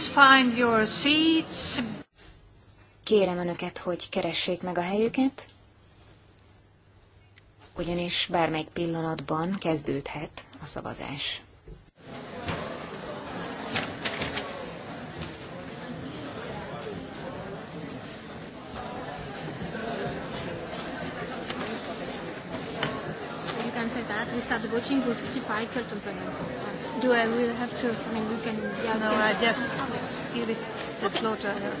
please find your seats. Kérem önöket, hogy keressék meg a helyüket, ugyanis bármelyik pillanatban kezdődhet a szavazás. You can say that we start Do I really have to? I mean, we can. Yeah, no, can I just give it the okay. floor to her.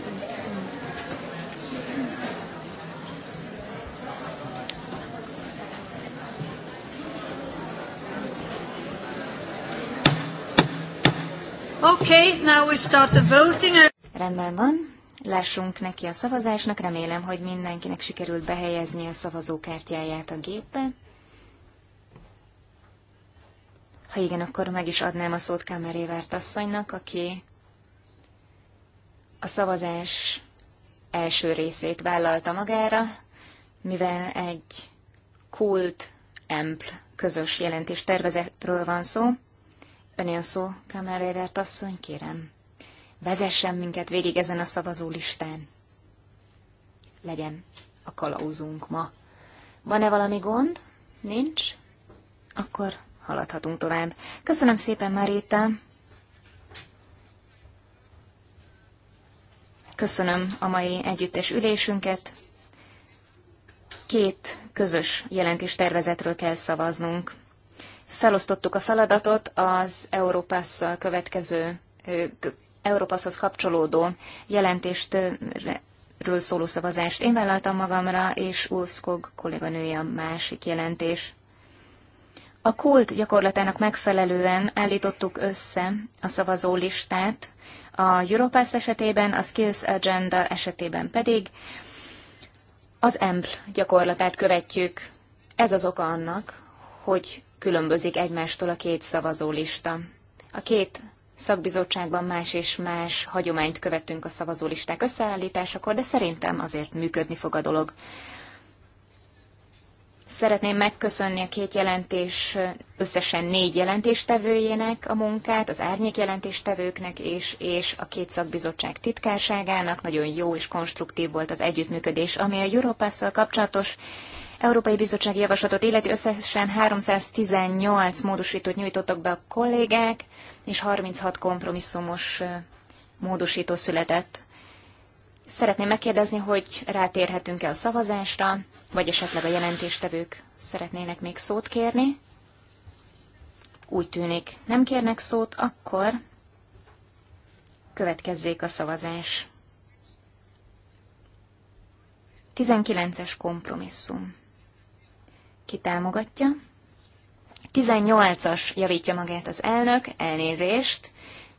Okay, now we start the voting. Rendben van. Lássunk neki a szavazásnak. Remélem, hogy mindenkinek sikerült behelyezni a szavazókártyáját a gépbe. Ha igen, akkor meg is adnám a szót Kamerévárt asszonynak, aki a szavazás első részét vállalta magára, mivel egy kult empl közös jelentés tervezetről van szó. Öné a szó, Kamerévárt asszony, kérem. Vezessen minket végig ezen a szavazó listán. Legyen a kalauzunk ma. Van-e valami gond? Nincs? Akkor haladhatunk tovább. Köszönöm szépen, Maréta! Köszönöm a mai együttes ülésünket. Két közös jelentés tervezetről kell szavaznunk. Felosztottuk a feladatot az Európasszal következő, Európaszhoz kapcsolódó jelentést ről szóló szavazást én vállaltam magamra, és Ulfskog kolléganője a másik jelentés. A kult gyakorlatának megfelelően állítottuk össze a szavazólistát, a Europass esetében, a Skills Agenda esetében pedig az EMPL gyakorlatát követjük. Ez az oka annak, hogy különbözik egymástól a két szavazólista. A két szakbizottságban más és más hagyományt követünk a szavazólisták összeállításakor, de szerintem azért működni fog a dolog. Szeretném megköszönni a két jelentés, összesen négy jelentéstevőjének a munkát, az árnyék jelentéstevőknek és, és a két szakbizottság titkárságának. Nagyon jó és konstruktív volt az együttműködés, ami a Europasszal kapcsolatos Európai bizottság Javaslatot illeti összesen 318 módosítót nyújtottak be a kollégák, és 36 kompromisszumos módosító született. Szeretném megkérdezni, hogy rátérhetünk-e a szavazásra, vagy esetleg a jelentéstevők szeretnének még szót kérni. Úgy tűnik, nem kérnek szót, akkor következzék a szavazás. 19-es kompromisszum. Ki támogatja? 18-as javítja magát az elnök, elnézést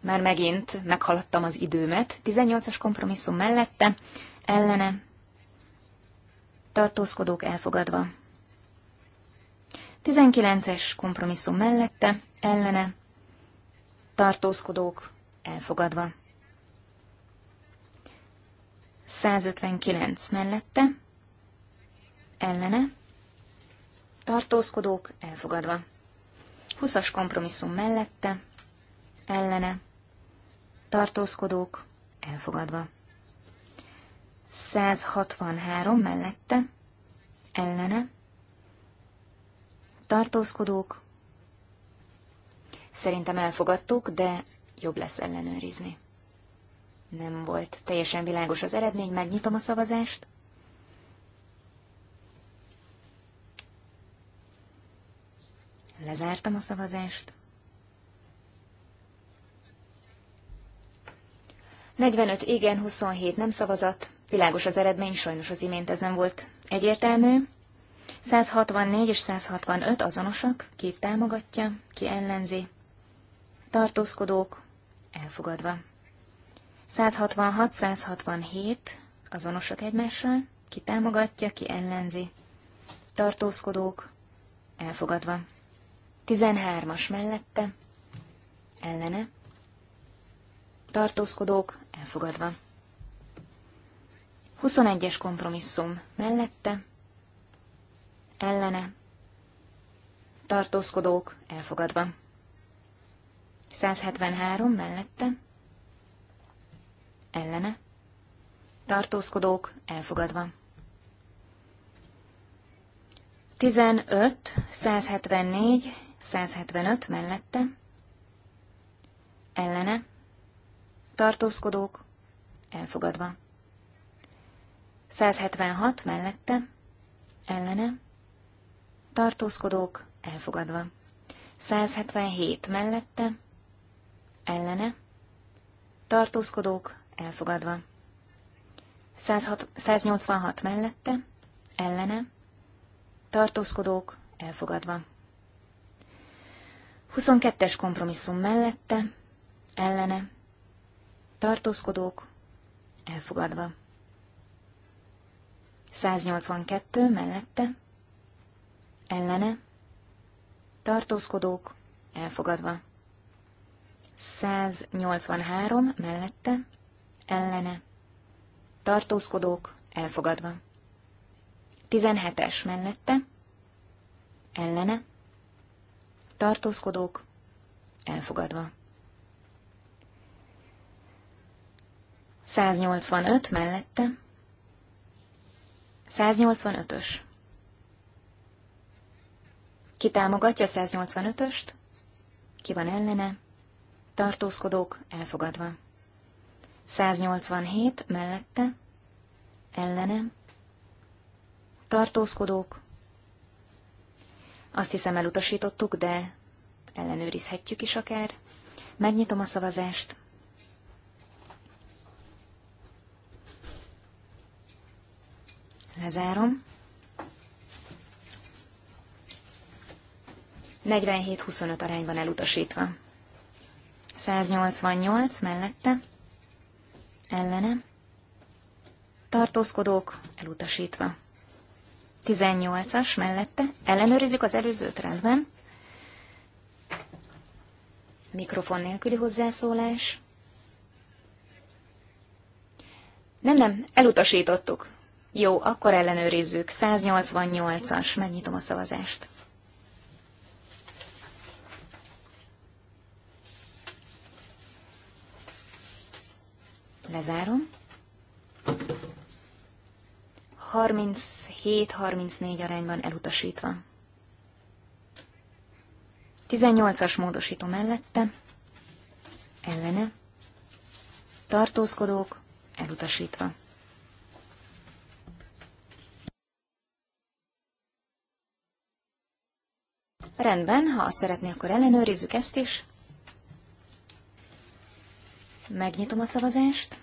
már megint meghaladtam az időmet. 18-as kompromisszum mellette, ellene, tartózkodók elfogadva. 19-es kompromisszum mellette, ellene, tartózkodók elfogadva. 159 mellette, ellene, tartózkodók elfogadva. 20-as kompromisszum mellette, ellene, tartózkodók elfogadva. 163 mellette, ellene, tartózkodók, szerintem elfogadtuk, de jobb lesz ellenőrizni. Nem volt teljesen világos az eredmény, megnyitom a szavazást. Lezártam a szavazást. 45 igen, 27 nem szavazat. Világos az eredmény, sajnos az imént ez nem volt egyértelmű. 164 és 165 azonosak, Két támogatja, ki ellenzi. Tartózkodók, elfogadva. 166-167 azonosak egymással, ki támogatja, ki ellenzi. Tartózkodók, elfogadva. 13-as mellette, ellene. Tartózkodók, Elfogadva. 21-es kompromisszum mellette, ellene, tartózkodók elfogadva. 173 mellette, ellene, tartózkodók elfogadva. 15, 174, 175 mellette, ellene, tartózkodók, elfogadva. 176 mellette, ellene, tartózkodók, elfogadva. 177 mellette, ellene, tartózkodók, elfogadva. 106, 186 mellette, ellene, tartózkodók, elfogadva. 22-es kompromisszum mellette, ellene, tartózkodók, elfogadva. 182 mellette, ellene, tartózkodók, elfogadva. 183 mellette, ellene, tartózkodók, elfogadva. 17-es mellette, ellene, tartózkodók, elfogadva. 185 mellette. 185-ös. Ki támogatja 185-öst? Ki van ellene? Tartózkodók elfogadva. 187 mellette. Ellene. Tartózkodók. Azt hiszem elutasítottuk, de ellenőrizhetjük is akár. Megnyitom a szavazást. Lezárom. 47-25 arányban elutasítva. 188 mellette, ellene, tartózkodók elutasítva. 18-as mellette, ellenőrizzük az előzőt rendben. Mikrofon nélküli hozzászólás. Nem, nem, elutasítottuk. Jó, akkor ellenőrizzük. 188-as. Megnyitom a szavazást. Lezárom. 37-34 arányban elutasítva. 18-as módosító mellette, ellene, tartózkodók, elutasítva. Rendben, ha azt szeretné, akkor ellenőrizzük ezt is. Megnyitom a szavazást.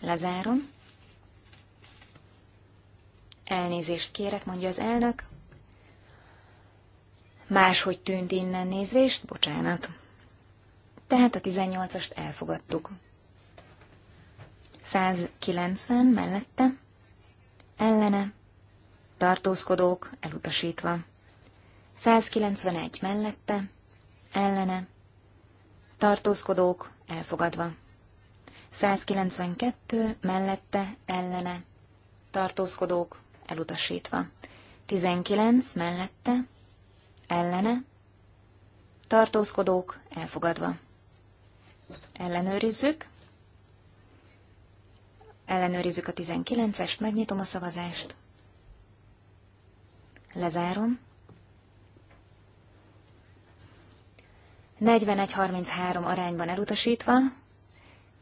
Lezárom. Elnézést kérek, mondja az elnök. Máshogy tűnt innen nézvést, bocsánat. Tehát a 18-ast elfogadtuk. 190 mellette, ellene, tartózkodók elutasítva. 191 mellette, ellene, tartózkodók elfogadva. 192 mellette, ellene, tartózkodók elutasítva. 19 mellette, ellene, tartózkodók elfogadva. Ellenőrizzük. Ellenőrizzük a 19-est, megnyitom a szavazást. Lezárom. 41-33 arányban elutasítva,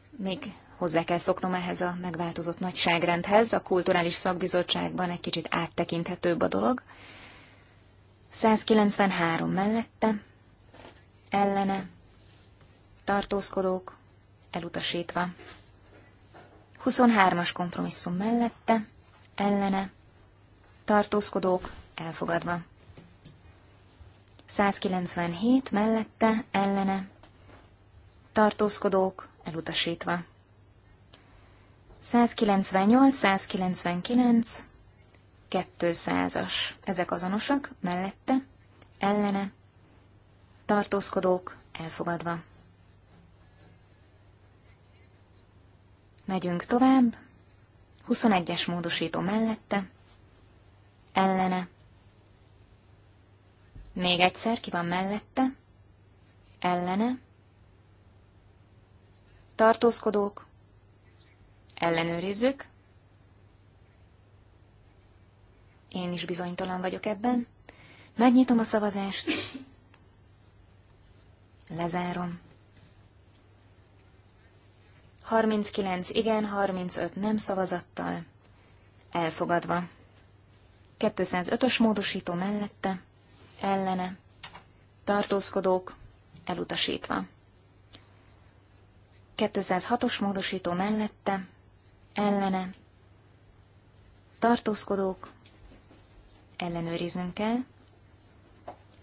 még hozzá kell szoknom ehhez a megváltozott nagyságrendhez, a kulturális szakbizottságban egy kicsit áttekinthetőbb a dolog. 193 mellette, ellene, tartózkodók, elutasítva. 23-as kompromisszum mellette, ellene, tartózkodók, elfogadva. 197 mellette, ellene, tartózkodók, elutasítva. 198, 199, 200-as, ezek azonosak, mellette, ellene, tartózkodók, elfogadva. Megyünk tovább, 21-es módosító mellette, ellene, még egyszer, ki van mellette? Ellene? Tartózkodók? Ellenőrizzük. Én is bizonytalan vagyok ebben. Megnyitom a szavazást. Lezárom. 39 igen, 35 nem szavazattal. Elfogadva. 205-ös módosító mellette ellene, tartózkodók elutasítva. 206-os módosító mellette, ellene, tartózkodók, ellenőriznünk kell,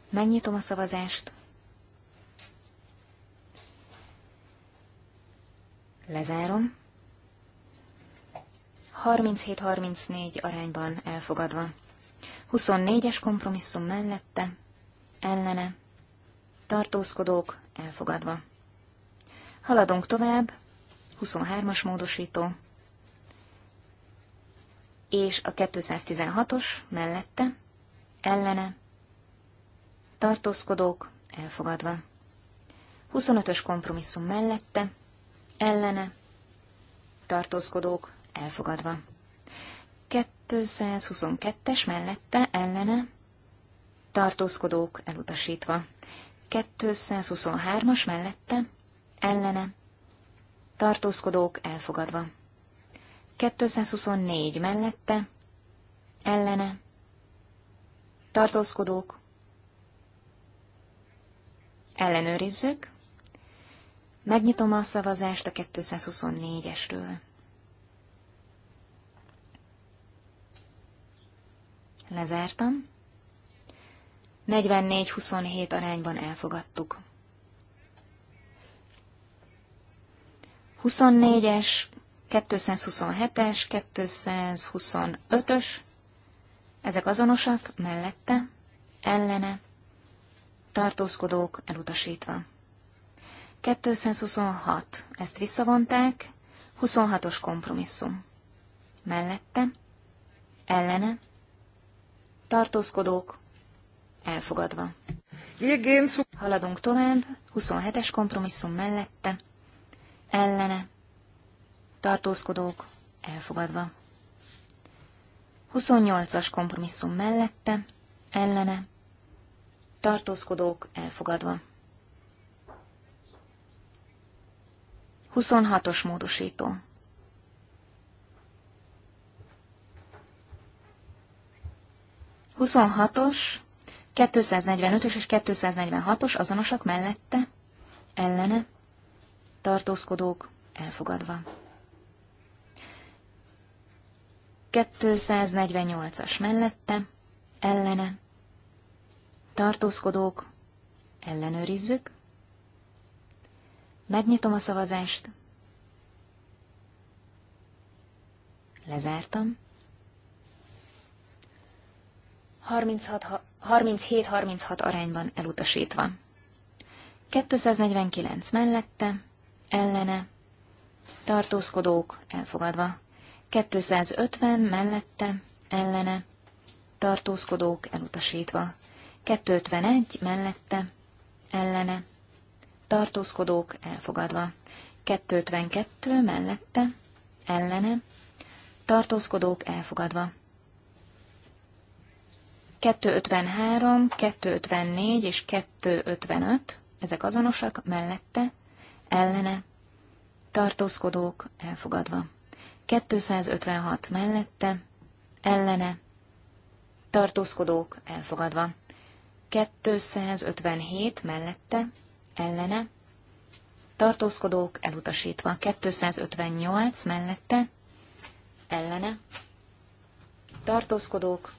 megnyitom a szavazást, lezárom, 37-34 arányban elfogadva. 24-es kompromisszum mellette, ellene, tartózkodók elfogadva. Haladunk tovább, 23-as módosító, és a 216-os mellette, ellene, tartózkodók elfogadva. 25-ös kompromisszum mellette, ellene, tartózkodók elfogadva. 222-es mellette ellene tartózkodók elutasítva. 223-as mellette ellene tartózkodók elfogadva. 224 mellette ellene tartózkodók ellenőrizzük. Megnyitom a szavazást a 224-esről. Lezártam. 44-27 arányban elfogadtuk. 24-es, 227-es, 225-ös, ezek azonosak, mellette, ellene, tartózkodók elutasítva. 226, ezt visszavonták, 26-os kompromisszum. Mellette, ellene, tartózkodók, elfogadva. Haladunk tovább, 27-es kompromisszum mellette, ellene, tartózkodók, elfogadva. 28-as kompromisszum mellette, ellene, tartózkodók, elfogadva. 26-os módosító 26-os, 245-ös és 246-os azonosak mellette, ellene, tartózkodók elfogadva. 248-as mellette, ellene, tartózkodók, ellenőrizzük, megnyitom a szavazást, lezártam, 37-36 arányban elutasítva. 249 mellette, ellene, tartózkodók elfogadva. 250 mellette, ellene, tartózkodók elutasítva. 251 mellette, ellene, tartózkodók elfogadva. 252 mellette, ellene, tartózkodók elfogadva. 253, 254 és 255, ezek azonosak, mellette, ellene, tartózkodók elfogadva. 256 mellette, ellene, tartózkodók elfogadva. 257 mellette, ellene, tartózkodók elutasítva. 258 mellette, ellene, tartózkodók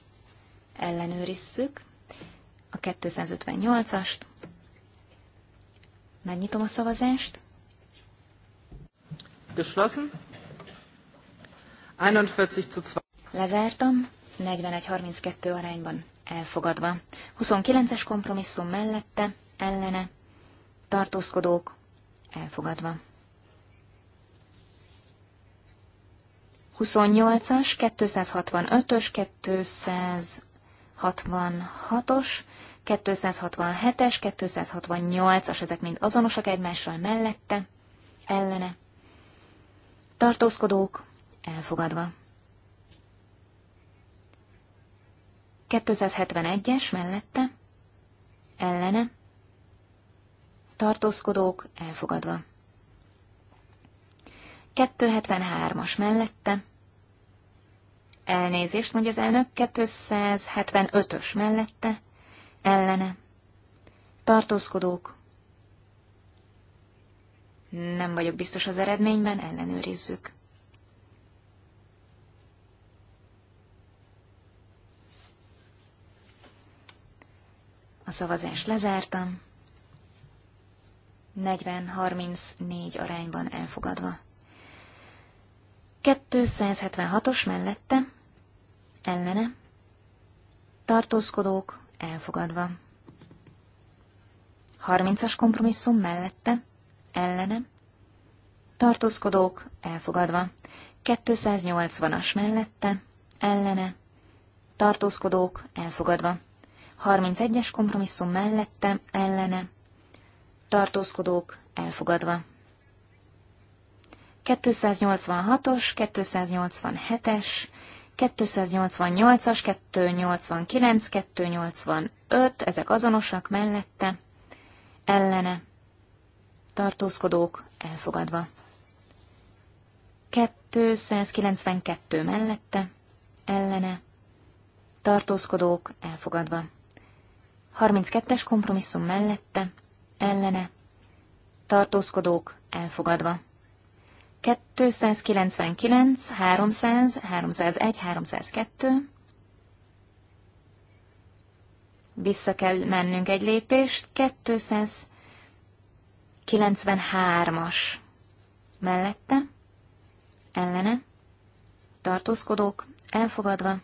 ellenőrizzük a 258-ast. Megnyitom a szavazást. Geschlossen. 41 zu 2. Lezártam, 41-32 arányban elfogadva. 29-es kompromisszum mellette, ellene, tartózkodók, elfogadva. 28-as, 265-ös, 266-os, 267-es, 268-as, ezek mind azonosak egymással mellette, ellene. Tartózkodók elfogadva. 271-es mellette, ellene. Tartózkodók elfogadva. 273-as mellette, Elnézést, mondja az elnök, 275-ös mellette, ellene. Tartózkodók. Nem vagyok biztos az eredményben, ellenőrizzük. A szavazást lezártam. 40-34 arányban elfogadva. 276-os mellette, ellene, tartózkodók elfogadva. Harmincas kompromisszum mellette, ellene, tartózkodók elfogadva. 280-as mellette, ellene, tartózkodók elfogadva. 31-es kompromisszum mellette, ellene, tartózkodók elfogadva. 286-os, 287-es, 288-as, 289, 285, ezek azonosak mellette, ellene, tartózkodók elfogadva. 292 mellette, ellene, tartózkodók elfogadva. 32-es kompromisszum mellette, ellene, tartózkodók elfogadva. 299, 300, 301, 302. Vissza kell mennünk egy lépést. 293-as. Mellette. Ellene. Tartózkodók. Elfogadva.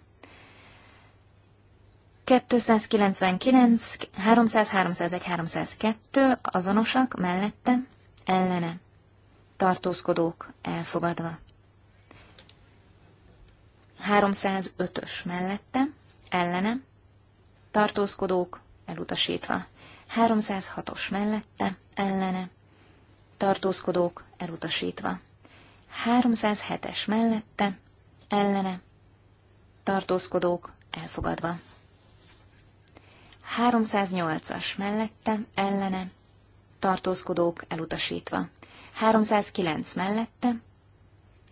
299, 300, 301, 302 azonosak mellette, ellene tartózkodók elfogadva. 305-ös mellette, ellene, tartózkodók elutasítva. 306-os mellette, ellene, tartózkodók elutasítva. 307-es mellette, ellene, tartózkodók elfogadva. 308-as mellette, ellene, tartózkodók elutasítva. 309 mellette,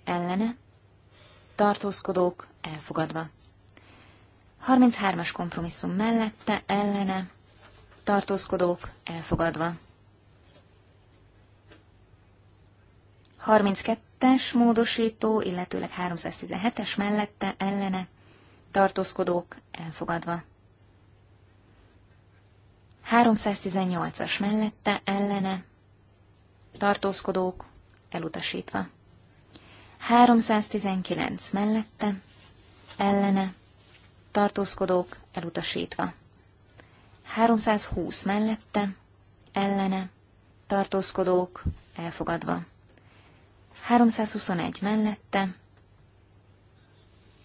ellene, tartózkodók elfogadva. 33-as kompromisszum mellette, ellene, tartózkodók elfogadva. 32-es módosító, illetőleg 317-es mellette, ellene, tartózkodók elfogadva. 318-as mellette, ellene, tartózkodók, elutasítva. 319 mellette, ellene, tartózkodók, elutasítva. 320 mellette, ellene, tartózkodók, elfogadva. 321 mellette,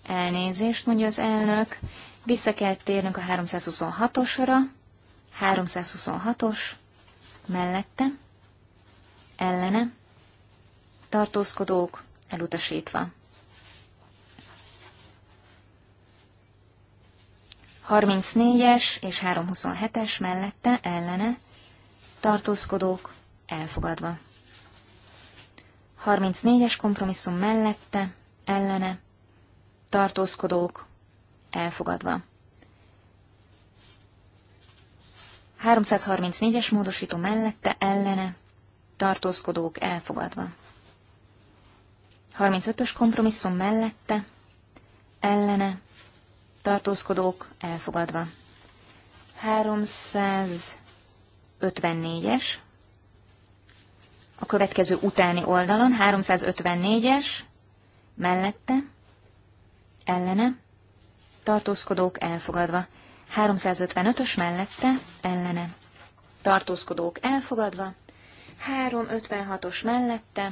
elnézést, mondja az elnök, vissza kell térnünk a 326-osra, 326-os, mellette, ellene, tartózkodók elutasítva. 34-es és 327-es mellette ellene, tartózkodók elfogadva. 34-es kompromisszum mellette, ellene, tartózkodók elfogadva. 334-es módosító mellette, ellene, tartózkodók elfogadva. 35-ös kompromisszum mellette, ellene, tartózkodók elfogadva. 354-es, a következő utáni oldalon, 354-es, mellette, ellene, tartózkodók elfogadva. 355-ös mellette, ellene, tartózkodók elfogadva. 356-os mellette,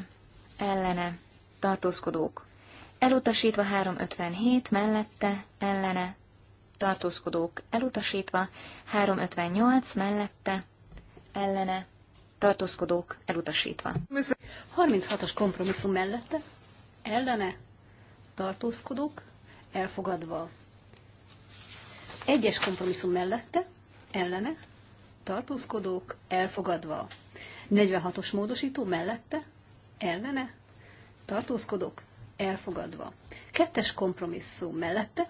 ellene, tartózkodók. Elutasítva 357 mellette, ellene, tartózkodók. Elutasítva 358 mellette, ellene, tartózkodók. Elutasítva. 36-os kompromisszum mellette, ellene, tartózkodók. Elfogadva. Egyes kompromisszum mellette, ellene, tartózkodók. Elfogadva. 46-os módosító mellette, ellene, tartózkodok, elfogadva. Kettes kompromisszum mellette,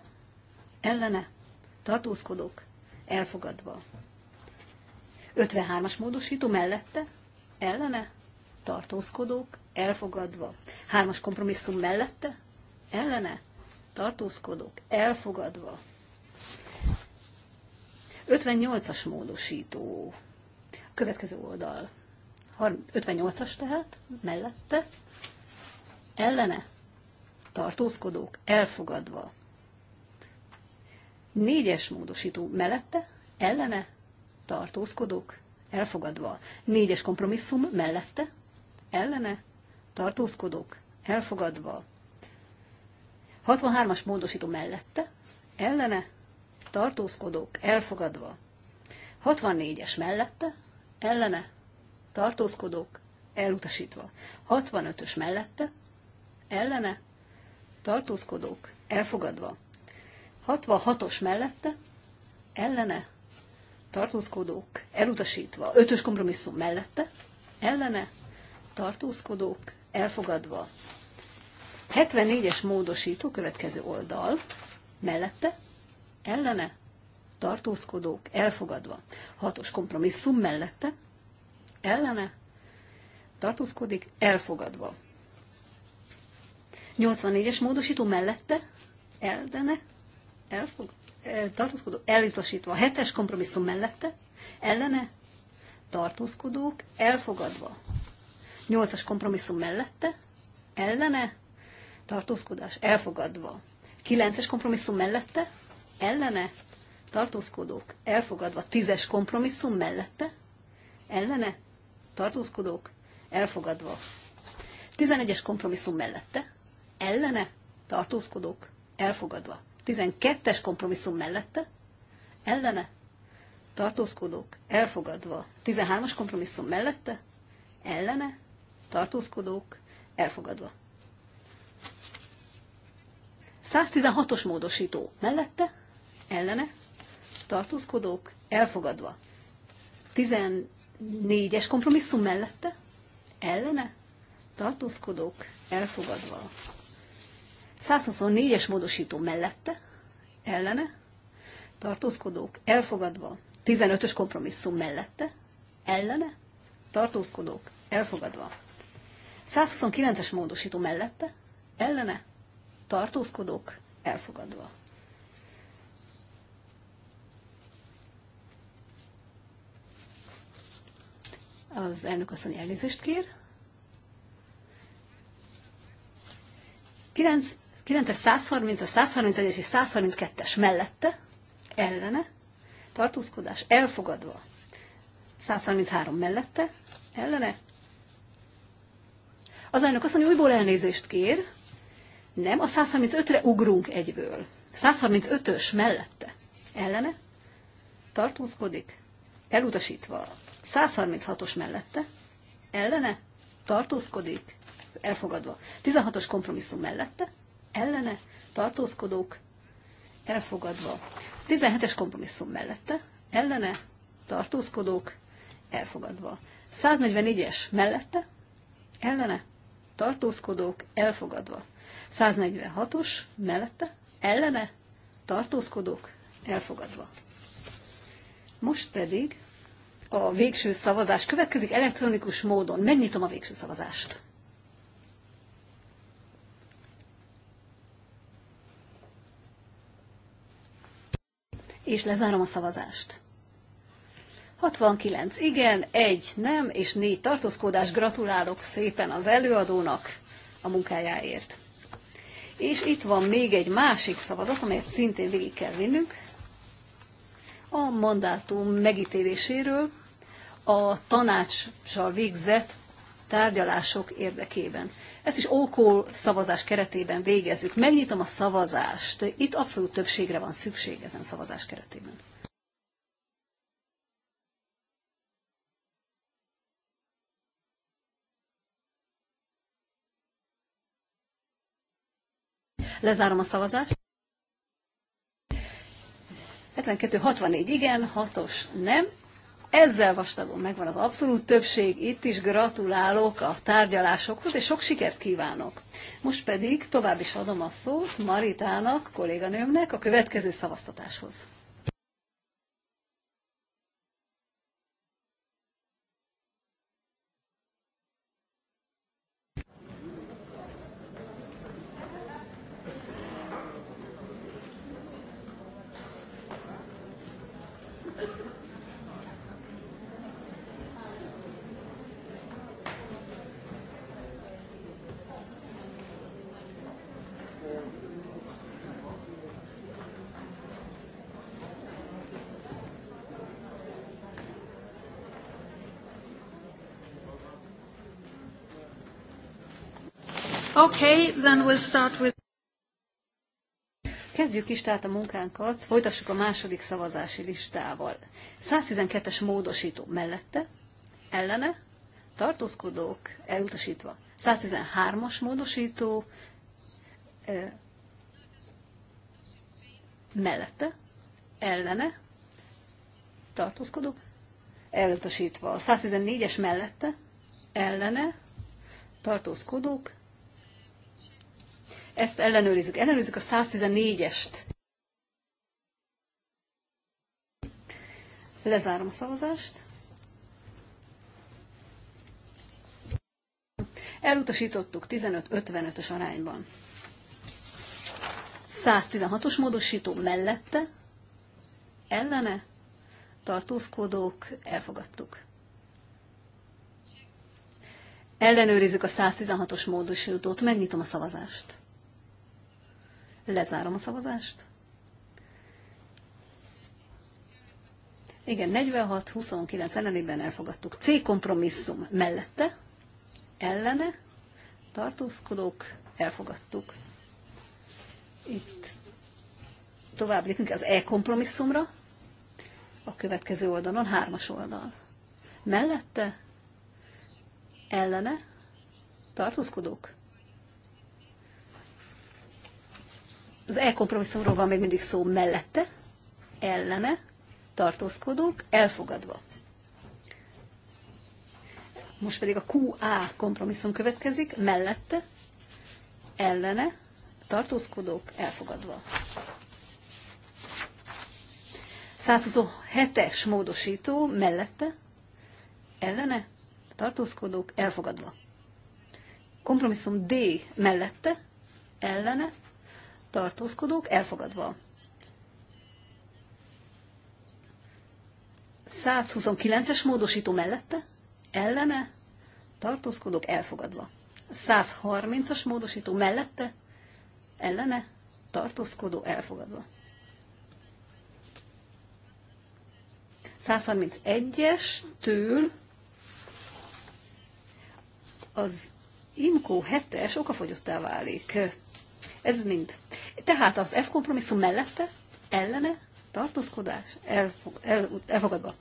ellene, tartózkodok, elfogadva. 53-as módosító mellette, ellene, tartózkodók, elfogadva. Hármas kompromisszum mellette, ellene, tartózkodók, elfogadva. 58-as módosító. Következő oldal 58-as tehát, mellette, ellene, tartózkodók, elfogadva. Négyes módosító mellette, ellene, tartózkodók, elfogadva. Négyes kompromisszum mellette, ellene, tartózkodók, elfogadva. 63-as módosító mellette, ellene, tartózkodók, elfogadva. 64-es mellette, ellene, tartózkodók elutasítva. 65-ös mellette, ellene, tartózkodók elfogadva. 66-os mellette, ellene, tartózkodók elutasítva. 5-ös kompromisszum mellette, ellene, tartózkodók elfogadva. 74-es módosító következő oldal, mellette, ellene, tartózkodók elfogadva. 6-os kompromisszum mellette, ellene tartózkodik, elfogadva. 84-es módosító mellette ellene elfog, eh, tartózkodó, elutasítva. 7-es kompromisszum mellette ellene tartózkodók, elfogadva. 8-as kompromisszum mellette ellene tartózkodás, elfogadva. 9-es kompromisszum mellette ellene tartózkodók, elfogadva. 10-es kompromisszum mellette ellene tartózkodók, elfogadva. 11-es kompromisszum mellette, ellene, tartózkodók, elfogadva. 12-es kompromisszum mellette, ellene, tartózkodók, elfogadva. 13-as kompromisszum mellette, ellene, tartózkodók, elfogadva. 116-os módosító mellette, ellene, tartózkodók, elfogadva. Négyes kompromisszum mellette? Ellene? Tartózkodók elfogadva. 124-es módosító mellette? Ellene? Tartózkodók elfogadva. 15-ös kompromisszum mellette? Ellene? Tartózkodók elfogadva. 129-es módosító mellette? Ellene? Tartózkodók elfogadva. Az elnök asszony elnézést kér. 9, 9-es 130, a 131-es és 132-es mellette, ellene, tartózkodás elfogadva. 133 mellette, ellene. Az elnök azt mondja, hogy újból elnézést kér. Nem, a 135-re ugrunk egyből. 135-ös mellette, ellene, tartózkodik, elutasítva. 136-os mellette, ellene, tartózkodik, elfogadva. 16-os kompromisszum mellette, ellene, tartózkodók, elfogadva. 17-es kompromisszum mellette, ellene, tartózkodók, elfogadva. 144-es mellette, ellene, tartózkodók, elfogadva. 146-os mellette, ellene, tartózkodók, elfogadva. Most pedig a végső szavazás következik elektronikus módon. Megnyitom a végső szavazást. És lezárom a szavazást. 69 igen, egy nem, és négy tartózkodás. Gratulálok szépen az előadónak a munkájáért. És itt van még egy másik szavazat, amelyet szintén végig kell vinnünk. A mandátum megítéléséről a tanácssal végzett tárgyalások érdekében. Ezt is ókol szavazás keretében végezzük. Megnyitom a szavazást. Itt abszolút többségre van szükség ezen szavazás keretében. Lezárom a szavazást. 72-64 igen, 6-os nem. Ezzel vastagon megvan az abszolút többség, itt is gratulálok a tárgyalásokhoz, és sok sikert kívánok. Most pedig tovább is adom a szót Maritának, kolléganőmnek a következő szavaztatáshoz. Okay, then we'll start with... Kezdjük is tehát a munkánkat, folytassuk a második szavazási listával. 112-es módosító mellette, ellene, tartózkodók, elutasítva. 113-as módosító, e, mellette, ellene, tartózkodók, elutasítva. 114-es mellette, ellene, tartózkodók, ezt ellenőrizzük. Ellenőrizzük a 114-est. Lezárom a szavazást. Elutasítottuk 15-55-ös arányban. 116-os módosító mellette, ellene, tartózkodók, elfogadtuk. Ellenőrizzük a 116-os módosítót, megnyitom a szavazást. Lezárom a szavazást. Igen, 46-29 ellenében elfogadtuk. C kompromisszum mellette, ellene, tartózkodók, elfogadtuk. Itt tovább lépünk az E kompromisszumra, a következő oldalon, hármas oldal. Mellette, ellene, tartózkodók, az elkompromisszumról van még mindig szó mellette, ellene, tartózkodók, elfogadva. Most pedig a QA kompromisszum következik, mellette, ellene, tartózkodók, elfogadva. 127-es módosító mellette, ellene, tartózkodók, elfogadva. Kompromisszum D mellette, ellene, tartózkodók elfogadva. 129-es módosító mellette, ellene, tartózkodók elfogadva. 130-as módosító mellette, ellene, tartózkodó elfogadva. 131-es től az IMCO 7-es okafogyottá válik. Ez mind. Tehát az F kompromisszum mellette, ellene, tartózkodás, elfog, el, elfogadva.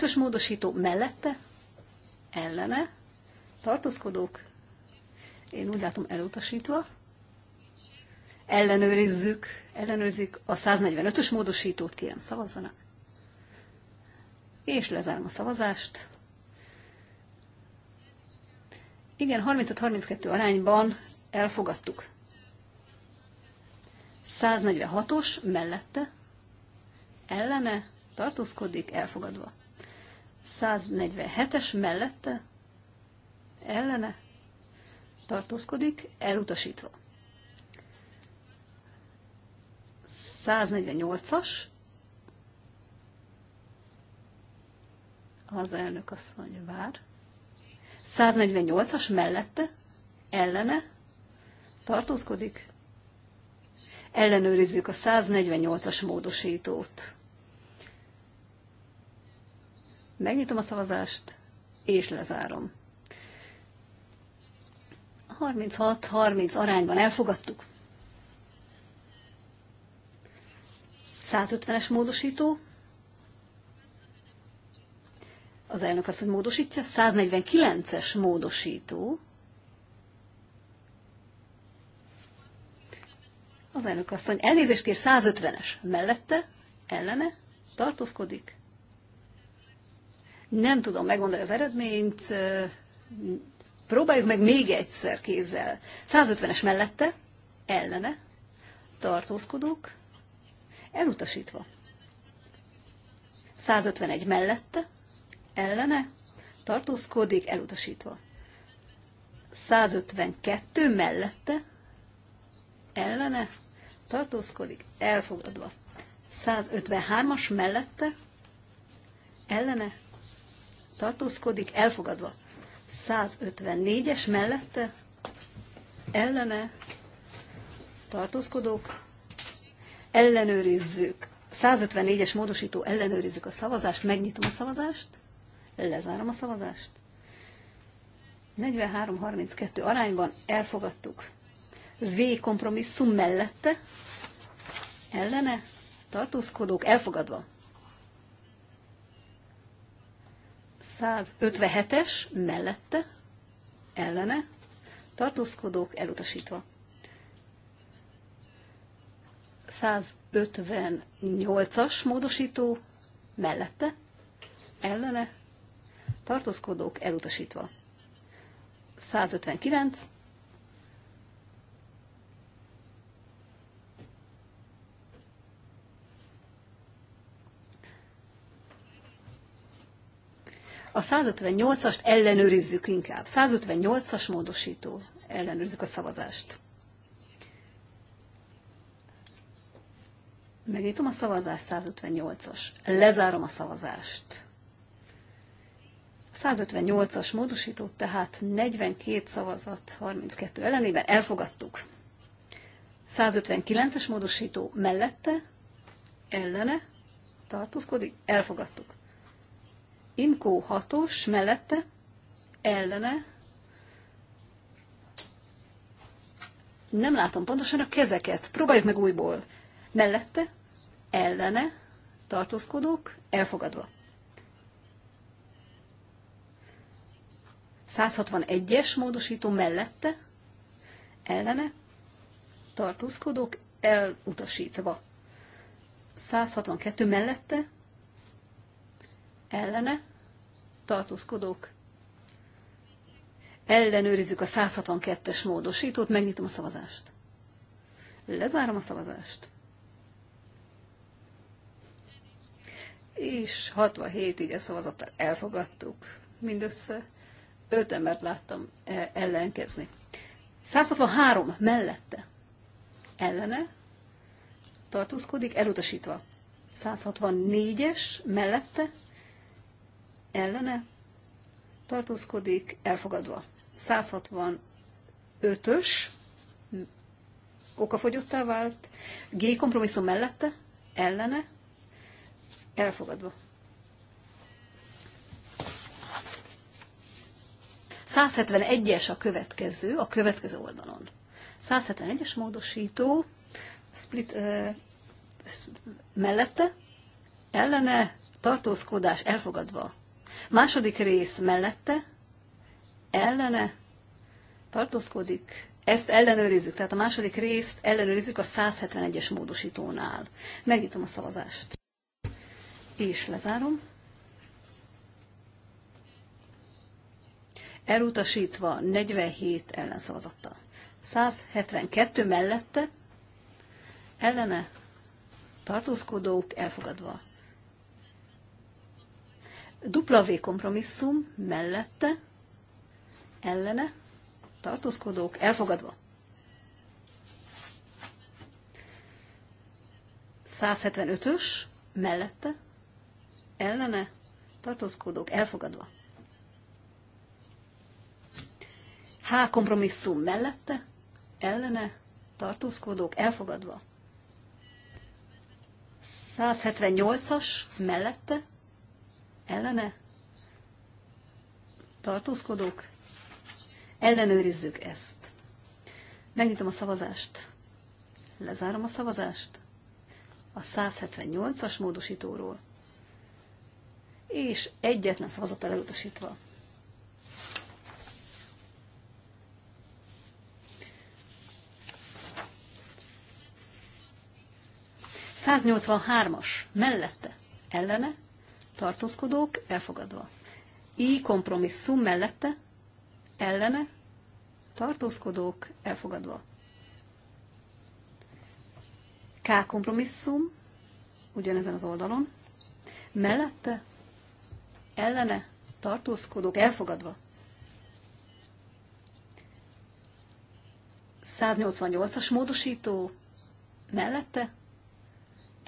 ös módosító mellette, ellene, tartózkodók, én úgy látom elutasítva, ellenőrizzük, ellenőrizzük a 145-ös módosítót, kérem szavazzanak és lezárom a szavazást. Igen, 35-32 arányban elfogadtuk. 146-os mellette, ellene, tartózkodik, elfogadva. 147-es mellette, ellene, tartózkodik, elutasítva. 148-as az elnök asszony vár. 148-as mellette, ellene, tartózkodik. Ellenőrizzük a 148-as módosítót. Megnyitom a szavazást, és lezárom. 36-30 arányban elfogadtuk. 150-es módosító az elnök azt, hogy módosítja, 149-es módosító, Az elnök azt mondja, elnézést kér 150-es. Mellette, ellene, tartózkodik. Nem tudom megmondani az eredményt. Próbáljuk meg még egyszer kézzel. 150-es mellette, ellene, tartózkodók, elutasítva. 151 mellette, ellene tartózkodik, elutasítva. 152 mellette ellene tartózkodik, elfogadva. 153-as mellette ellene tartózkodik, elfogadva. 154-es mellette ellene tartózkodók, ellenőrizzük. 154-es módosító ellenőrizzük a szavazást, megnyitom a szavazást. Lezárom a szavazást. 43-32 arányban elfogadtuk. V kompromisszum mellette, ellene, tartózkodók elfogadva. 157-es mellette, ellene, tartózkodók elutasítva. 158-as módosító mellette, ellene, tartózkodók elutasítva. 159. A 158-ast ellenőrizzük inkább. 158-as módosító. Ellenőrizzük a szavazást. Megnyitom a szavazást 158-as. Lezárom a szavazást. 158-as módosítót, tehát 42 szavazat 32 ellenében elfogadtuk. 159-es módosító mellette, ellene tartózkodik, elfogadtuk. Imkó 6-os mellette, ellene, nem látom pontosan a kezeket, próbáljuk meg újból. Mellette, ellene, tartózkodók, elfogadva. 161-es módosító mellette, ellene, tartózkodók elutasítva. 162 mellette, ellene, tartózkodók. Ellenőrizzük a 162-es módosítót, megnyitom a szavazást. Lezárom a szavazást. És 67 igen szavazattal elfogadtuk mindössze öt embert láttam e, ellenkezni. 163 mellette ellene tartózkodik, elutasítva. 164-es mellette ellene tartózkodik, elfogadva. 165-ös okafogyottá vált, G kompromisszum mellette, ellene, elfogadva. 171-es a következő, a következő oldalon. 171-es módosító, split uh, mellette, ellene, tartózkodás elfogadva. Második rész mellette, ellene, tartózkodik, ezt ellenőrizzük, tehát a második részt ellenőrizzük a 171-es módosítónál. Megnyitom a szavazást. És lezárom. elutasítva 47 ellenszavazattal. 172 mellette ellene tartózkodók elfogadva. V kompromisszum mellette ellene tartózkodók elfogadva. 175-ös mellette ellene tartózkodók elfogadva. H kompromisszum mellette, ellene, tartózkodók elfogadva. 178-as mellette, ellene, tartózkodók, ellenőrizzük ezt. Megnyitom a szavazást. Lezárom a szavazást. A 178-as módosítóról. És egyetlen szavazat elutasítva. 183-as mellette ellene tartózkodók elfogadva. I kompromisszum mellette ellene tartózkodók elfogadva. K kompromisszum ugyanezen az oldalon mellette ellene tartózkodók elfogadva. 188-as módosító mellette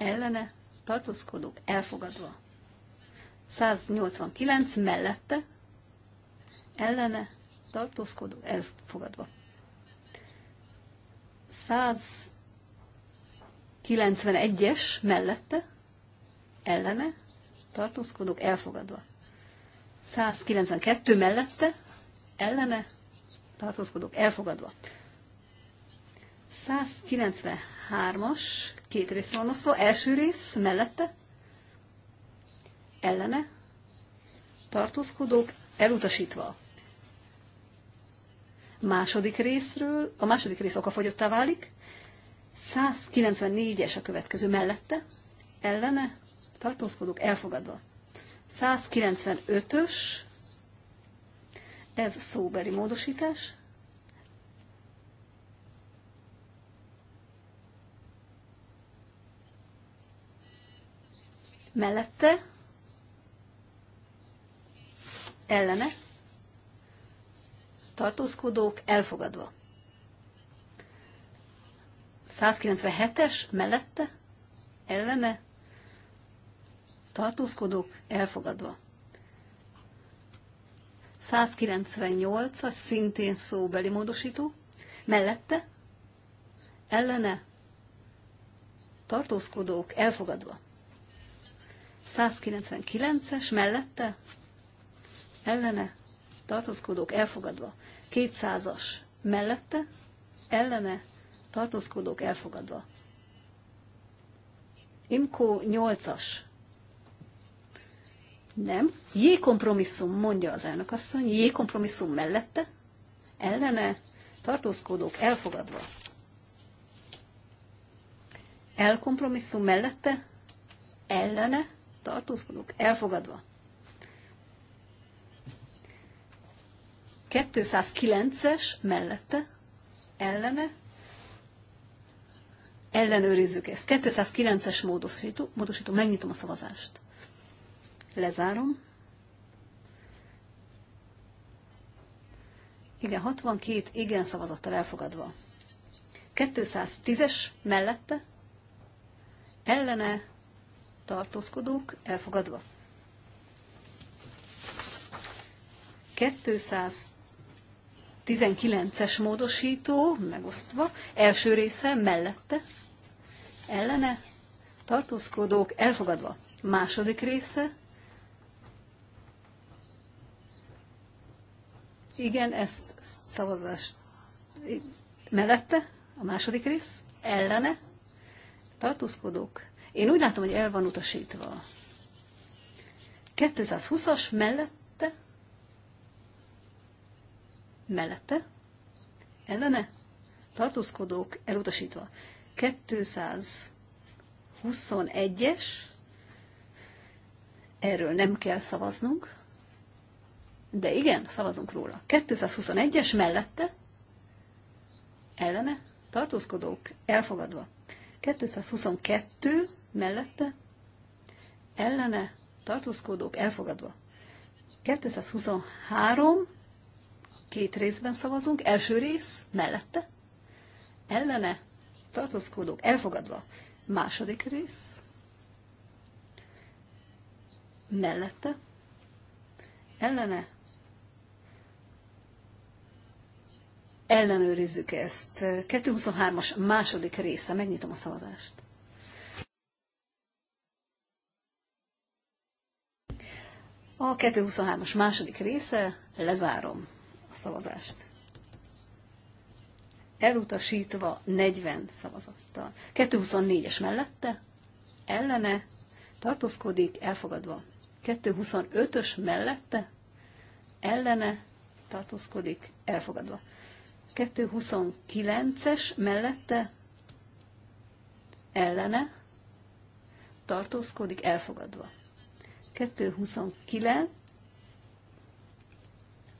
ellene tartózkodók elfogadva. 189 mellette ellene tartózkodók elfogadva. 191-es mellette ellene tartózkodók elfogadva. 192 mellette ellene tartózkodók elfogadva. 193-as, két rész van szó, első rész mellette, ellene, tartózkodók elutasítva. Második részről, a második rész okafogyottá válik, 194-es a következő mellette, ellene, tartózkodók elfogadva. 195-ös, ez szóbeli módosítás, mellette, ellene, tartózkodók elfogadva. 197-es mellette, ellene, tartózkodók elfogadva. 198 as szintén szóbeli módosító, mellette, ellene, tartózkodók elfogadva. 199-es mellette ellene tartózkodók elfogadva. 200-as mellette ellene tartózkodók elfogadva. Imkó 8-as. Nem. J kompromisszum, mondja az elnökasszony. J kompromisszum mellette ellene tartózkodók elfogadva. Elkompromisszum mellette ellene tartózkodók elfogadva. 209-es mellette, ellene, ellenőrizzük ezt. 209-es módosító, módosító, megnyitom a szavazást. Lezárom. Igen, 62 igen szavazattal elfogadva. 210-es mellette, ellene, tartózkodók elfogadva. 219-es módosító megosztva, első része mellette, ellene, tartózkodók elfogadva. Második része, igen, ezt szavazás mellette, a második rész, ellene, tartózkodók én úgy látom, hogy el van utasítva. 220-as mellette, mellette, ellene, tartózkodók elutasítva. 221-es, erről nem kell szavaznunk, de igen, szavazunk róla. 221-es mellette, ellene, tartózkodók elfogadva. 222 mellette, ellene, tartózkodók elfogadva. 223, két részben szavazunk, első rész mellette, ellene, tartózkodók elfogadva. Második rész mellette, ellene, ellenőrizzük ezt. 223-as második része, megnyitom a szavazást. A 223-as második része, lezárom a szavazást. Elutasítva 40 szavazattal. 224-es mellette, ellene, tartózkodik, elfogadva. 225-ös mellette, ellene, tartózkodik, elfogadva. 229-es mellette, ellene, tartózkodik, elfogadva. 229,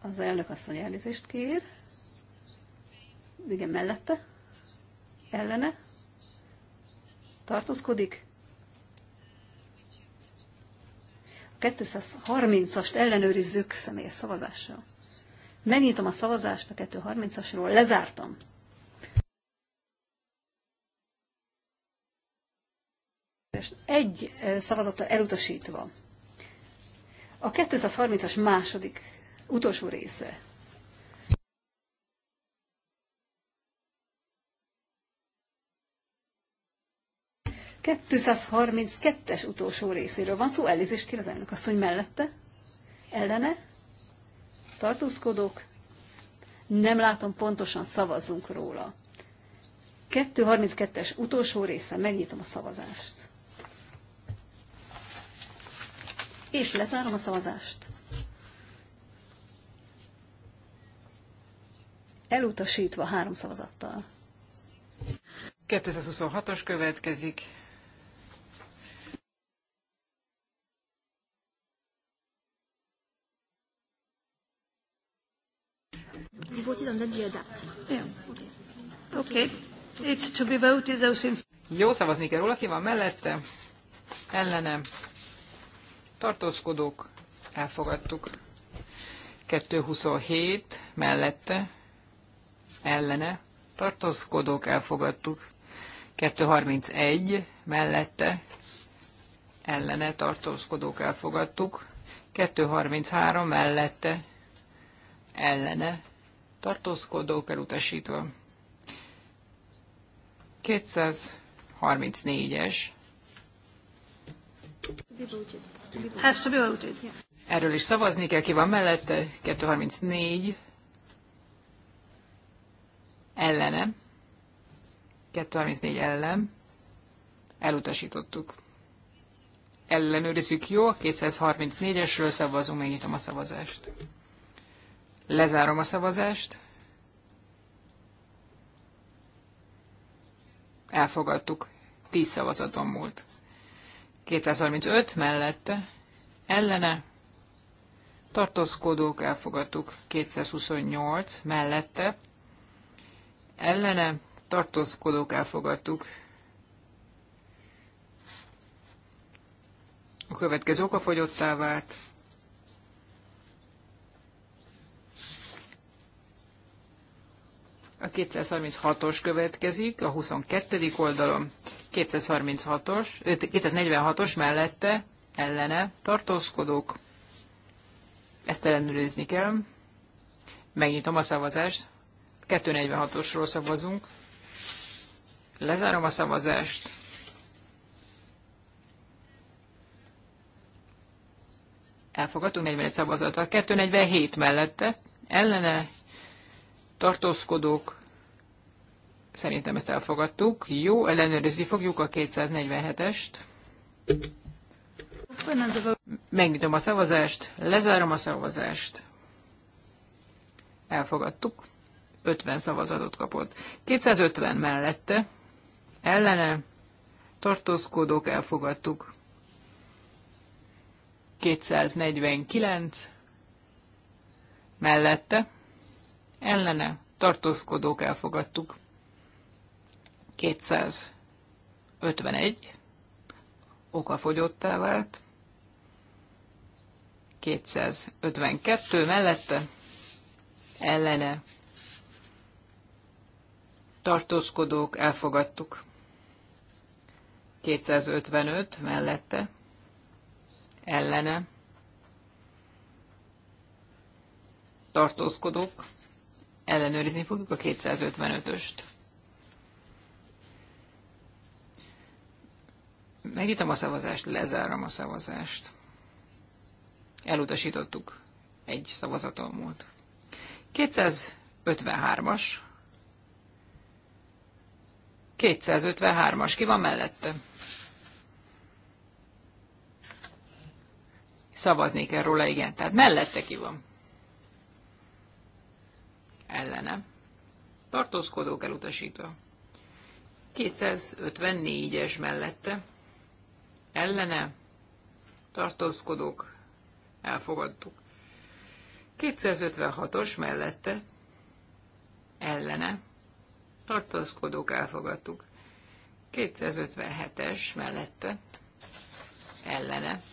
az elnök asszony elnézést kér, igen, mellette, ellene, tartózkodik, 230-ast ellenőrizzük személyes szavazással. Megnyitom a szavazást a 230-asról, lezártam. Egy eh, szavazattal elutasítva. A 230-as második utolsó része. es utolsó részéről van szó, elnézést kér az elnök asszony mellette, ellene, Tartózkodok. nem látom pontosan, szavazzunk róla. 232-es utolsó része, megnyitom a szavazást. és lezárom a szavazást. Elutasítva három szavazattal. 2026 os következik. Jó, szavazni kell róla, ki van mellette, ellenem, tartózkodók, elfogadtuk. 227 mellette, ellene, tartózkodók, elfogadtuk. 231 mellette, ellene, tartózkodók, elfogadtuk. 233 mellette, ellene, tartózkodók, elutasítva. 234-es. Has to be voted. Erről is szavazni kell, ki van mellette, 234 ellene, 234 ellen, elutasítottuk. Ellenőrizzük jó, 234-esről szavazunk, megnyitom a szavazást. Lezárom a szavazást. Elfogadtuk. 10 szavazaton múlt. 235 mellette ellene tartózkodók elfogadtuk 228 mellette ellene tartózkodók elfogadtuk. A következő okafogyottá vált. A 236-os következik a 22. oldalon 236-os, 246-os mellette ellene tartózkodók. Ezt ellenőrizni kell. Megnyitom a szavazást. 246-osról szavazunk. Lezárom a szavazást. Elfogadtunk 41 szavazattal. 247 mellette ellene tartózkodók Szerintem ezt elfogadtuk. Jó, ellenőrizni fogjuk a 247-est. Megnyitom a szavazást, lezárom a szavazást. Elfogadtuk. 50 szavazatot kapott. 250 mellette, ellene, tartózkodók elfogadtuk. 249 mellette, ellene, tartózkodók elfogadtuk. 251 okafogyottá vált, 252 mellette ellene tartózkodók elfogadtuk. 255 mellette ellene tartózkodók ellenőrizni fogjuk a 255-öst. Megnyitom a szavazást, lezárom a szavazást. Elutasítottuk. Egy szavazaton múlt. 253-as. 253-as. Ki van mellette? Szavazni kell róla, igen. Tehát mellette ki van? Ellene. Tartózkodók elutasítva. 254-es mellette ellene tartózkodók elfogadtuk. 256-os mellette ellene tartózkodók elfogadtuk. 257-es mellette ellene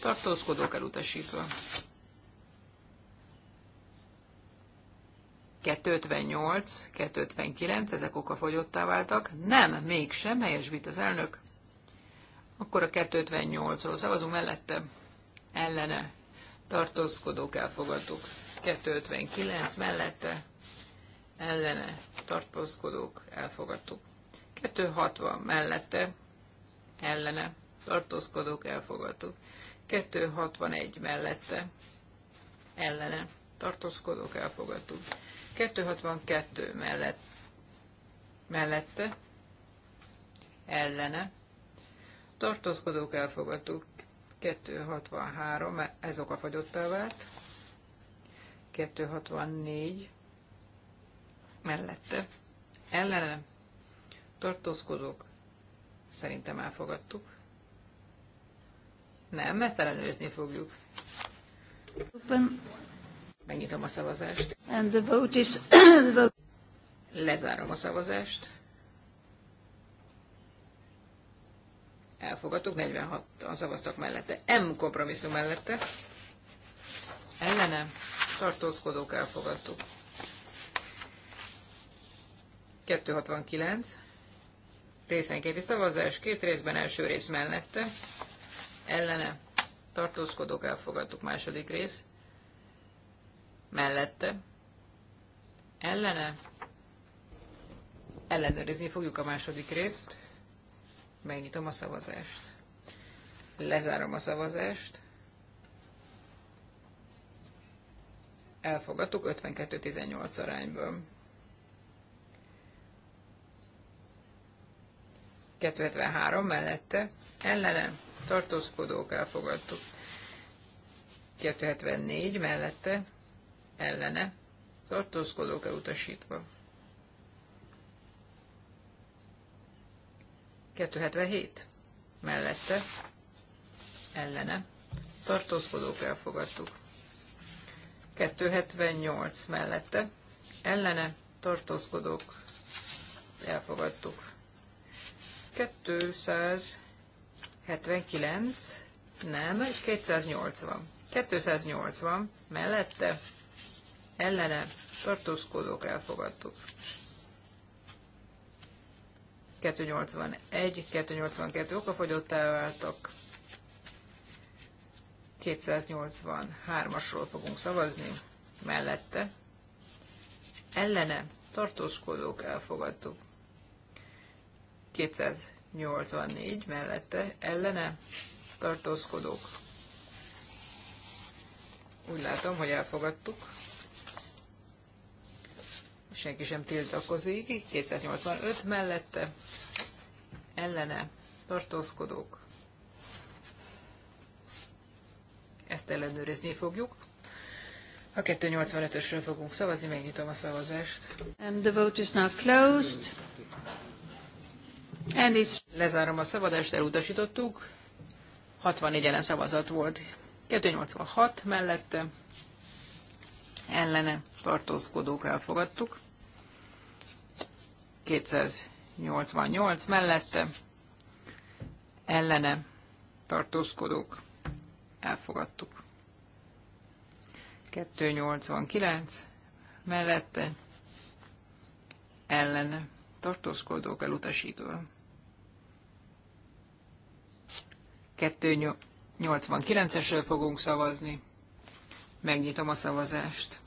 tartózkodók elutasítva. 258, 259, ezek okafogyottá váltak. Nem, mégsem, helyesbít az elnök. Akkor a 258-ról szavazunk mellette, ellene tartózkodók elfogadtuk. 259 mellette, ellene tartózkodók elfogadtuk. 260 mellette, ellene tartózkodók elfogadtuk. 261 mellette, ellene tartózkodók elfogadtuk. 262 mellett, mellette, ellene tartózkodók elfogadtuk 263, ez okafagyottá vált, 264 mellette, ellene tartózkodók szerintem elfogadtuk. Nem, ezt ellenőrizni fogjuk. Open. Megnyitom a szavazást. And the vote is... Lezárom a szavazást. elfogadtuk, 46-an szavaztak mellette. M kompromisszum mellette, ellene tartózkodók elfogadtuk. 269 részenkéti szavazás, két részben első rész mellette, ellene tartózkodók elfogadtuk második rész, mellette, ellene ellenőrizni fogjuk a második részt. Megnyitom a szavazást. Lezárom a szavazást. Elfogadtuk 52-18 arányban. 273 mellette ellene tartózkodók elfogadtuk. 274 mellette ellene tartózkodók elutasítva. 277 mellette ellene tartózkodók elfogadtuk. 278 mellette ellene tartózkodók elfogadtuk. 279 nem, 280. 280 mellette ellene tartózkodók elfogadtuk. 281, 282 okafogyottá váltak. 283-asról fogunk szavazni, mellette. Ellene tartózkodók elfogadtuk. 284 mellette ellene tartózkodók. Úgy látom, hogy elfogadtuk senki sem tiltakozik, 285 mellette ellene tartózkodók. Ezt ellenőrizni fogjuk. A 285-ösről fogunk szavazni, megnyitom a szavazást. And the vote is now closed. And it's... Lezárom a szavazást, elutasítottuk. 64 ellen szavazat volt. 286 mellette ellene tartózkodók elfogadtuk. 288 mellette ellene tartózkodók elfogadtuk. 289 mellette ellene tartózkodók elutasítva. 289-esről fogunk szavazni. Megnyitom a szavazást.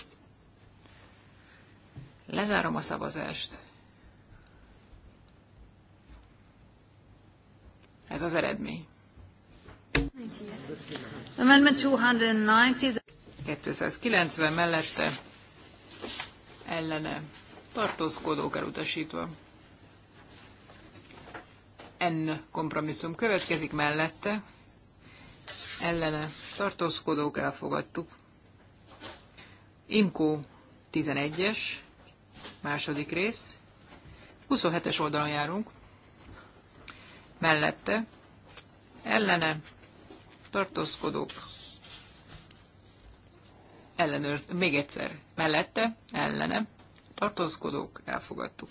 Lezárom a szavazást. Ez az eredmény. 290 mellette ellene tartózkodók elutasítva. N kompromisszum következik mellette, ellene tartózkodók elfogadtuk. Imkó 11-es, második rész, 27-es oldalon járunk mellette, ellene, tartózkodók, ellenőrz, még egyszer, mellette, ellene, tartózkodók, elfogadtuk.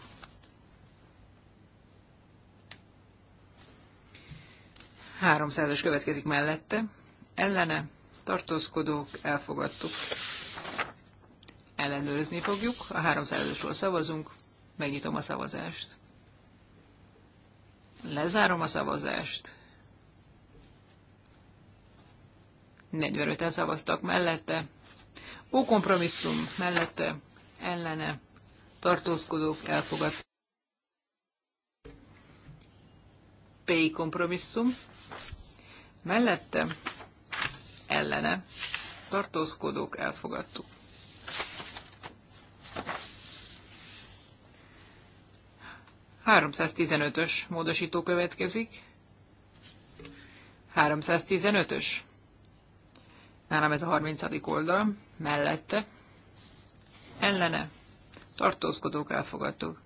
Háromszázas következik mellette, ellene, tartózkodók, elfogadtuk. Ellenőrizni fogjuk, a háromszázasról szavazunk, megnyitom a szavazást. Lezárom a szavazást. 45-en szavaztak mellette. Ó kompromisszum mellette, ellene, tartózkodók elfogad. P kompromisszum mellette, ellene, tartózkodók elfogadtuk. 315-ös módosító következik. 315-ös. Nálam ez a 30. oldal. Mellette. Ellene. Tartózkodók elfogadtuk.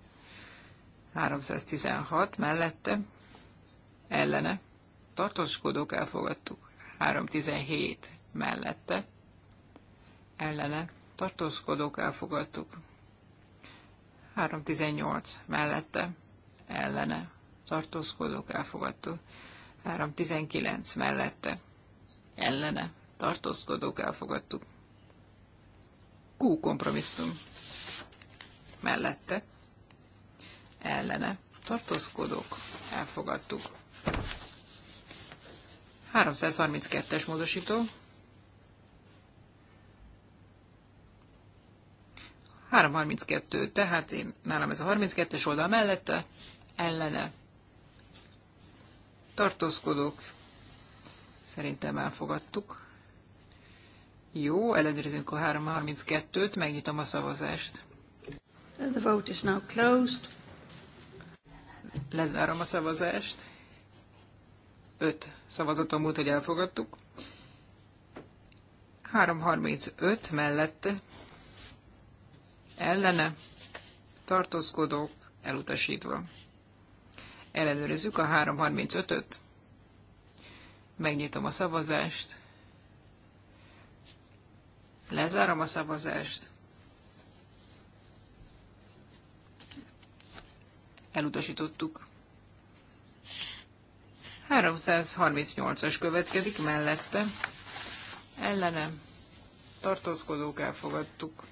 316. Mellette. Ellene. Tartózkodók elfogadtuk. 317. Mellette. Ellene. Tartózkodók elfogadtuk. 318. Mellette ellene tartózkodók elfogadtuk. 319 mellette ellene tartózkodók elfogadtuk. Q kompromisszum mellette ellene tartózkodók elfogadtuk. 332-es módosító 332, tehát én, nálam ez a 32-es oldal mellette, ellene tartózkodok. szerintem elfogadtuk. Jó, ellenőrizünk a 332-t, megnyitom a szavazást. The vote is now closed. Lezárom a szavazást. 5 szavazatom múlt, hogy elfogadtuk. 335 mellette ellene tartózkodók elutasítva. Ellenőrizzük a 335-öt. Megnyitom a szavazást. Lezárom a szavazást. Elutasítottuk. 338-as következik mellette. Ellene Tartózkodók elfogadtuk.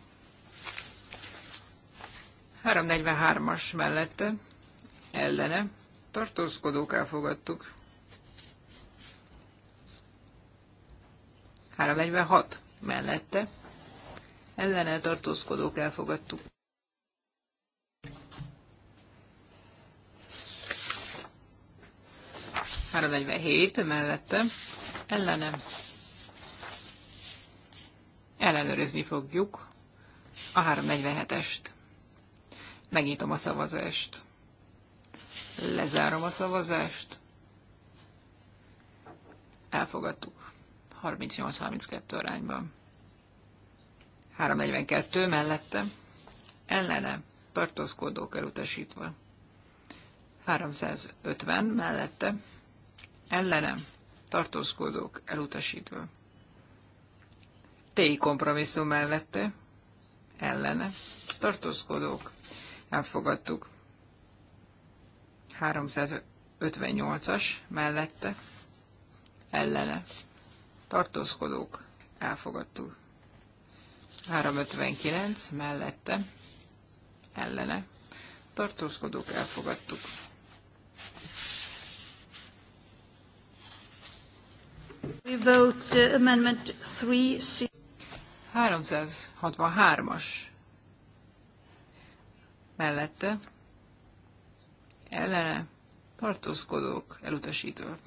343-as mellette ellene tartózkodók elfogadtuk. 346 mellette ellene tartózkodók elfogadtuk. hét mellette ellene ellenőrizni fogjuk a 347-est. Megnyitom a szavazást. Lezárom a szavazást. Elfogadtuk. 38-32 arányban. 342 mellette. Ellene. Tartózkodók elutasítva. 350 mellette. Ellene. Tartózkodók elutasítva. T kompromisszum mellette. Ellene. Tartózkodók elfogadtuk. 358-as mellette ellene tartózkodók elfogadtuk. 359 mellette ellene tartózkodók elfogadtuk. We vote uh, amendment 363-as mellette ellene tartózkodók elutasítva.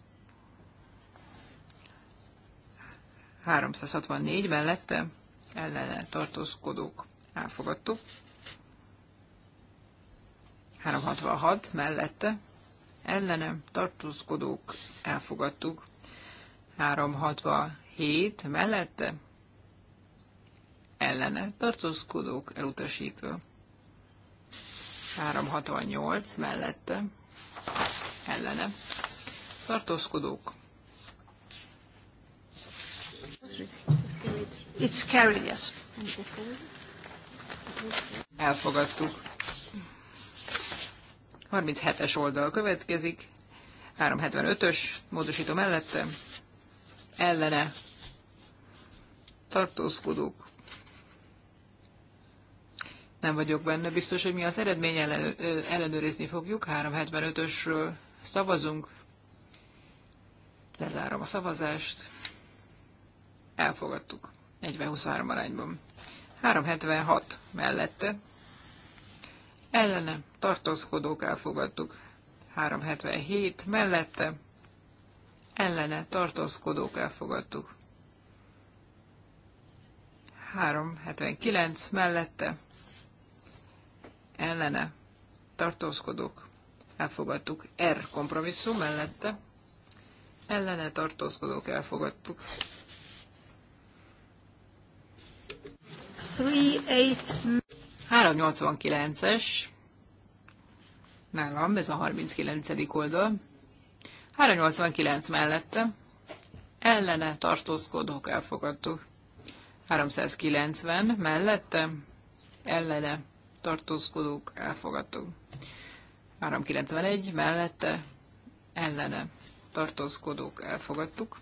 364 mellette ellene tartózkodók elfogadtuk. 366 mellette ellene tartózkodók elfogadtuk. 367 mellette ellene tartózkodók elutasítva. 368 mellette ellene tartózkodók. It's carried, yes. Elfogadtuk. 37-es oldal következik. 375-ös módosító mellette ellene tartózkodók nem vagyok benne biztos, hogy mi az eredmény ellenőrizni fogjuk. 375-ösről szavazunk. Lezárom a szavazást. Elfogadtuk. 40-23 arányban. 376 mellette. Ellene tartózkodók elfogadtuk. 377 mellette. Ellene tartózkodók elfogadtuk. 379 mellette ellene tartózkodók elfogadtuk. R kompromisszum mellette ellene tartózkodók elfogadtuk. 389-es nálam, ez a 39. oldal. 389 mellette ellene tartózkodók elfogadtuk. 390 mellette ellene tartózkodók elfogadtuk. 391 mellette ellene tartózkodók elfogadtuk.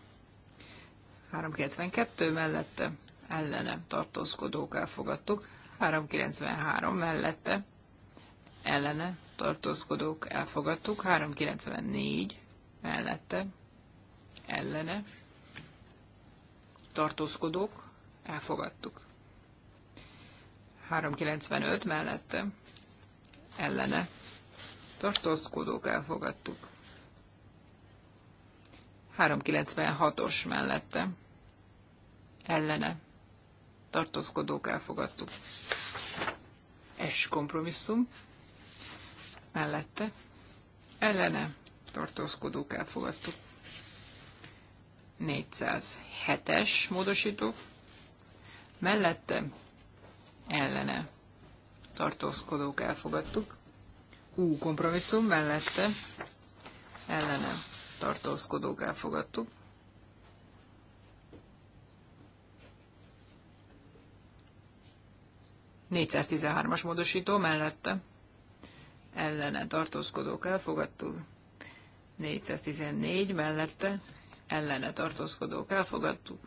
392 mellette ellene tartózkodók elfogadtuk. 393 mellette ellene tartózkodók elfogadtuk. 394 mellette ellene tartózkodók elfogadtuk. 395 mellette ellene tartózkodók elfogadtuk. 396-os mellette ellene tartózkodók elfogadtuk. S kompromisszum mellette ellene tartózkodók elfogadtuk. 407-es módosítók mellette ellene tartózkodók elfogadtuk. Ú. kompromisszum mellette ellene tartózkodók elfogadtuk. as módosító mellette ellene tartózkodók elfogadtuk. 414 mellette ellene tartózkodók elfogadtuk.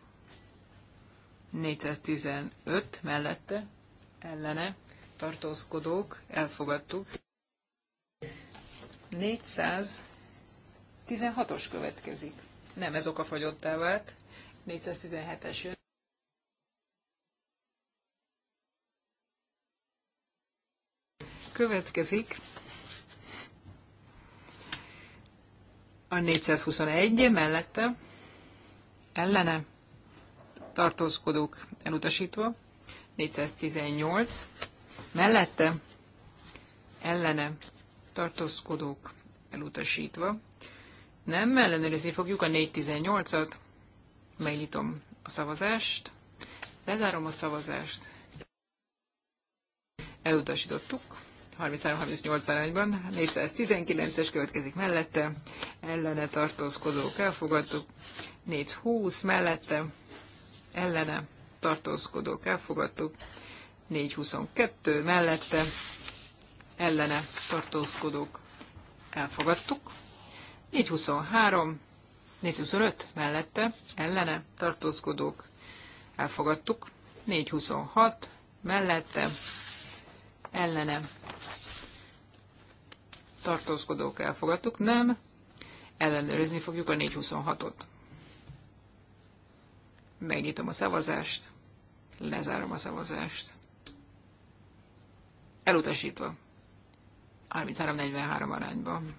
415 mellette ellene tartózkodók, elfogadtuk. 416-os következik. Nem, ez okafagyottá vált. 417-es jön. Következik a 421 mellette ellene tartózkodók elutasítva. 418 mellette ellene tartózkodók elutasítva. Nem, ellenőrizni fogjuk a 418-at. Megnyitom a szavazást. Lezárom a szavazást. Elutasítottuk. 33-38 arányban. 419-es következik mellette. Ellene tartózkodók elfogadtuk. 420 mellette. Ellene tartózkodók elfogadtuk, 422 mellette ellene tartózkodók elfogadtuk, 423, 425 mellette ellene tartózkodók elfogadtuk, 426 mellette ellene tartózkodók elfogadtuk, nem, ellenőrizni fogjuk a 426-ot. Megnyitom a szavazást. Lezárom a szavazást. Elutasítva. 33-43 arányban.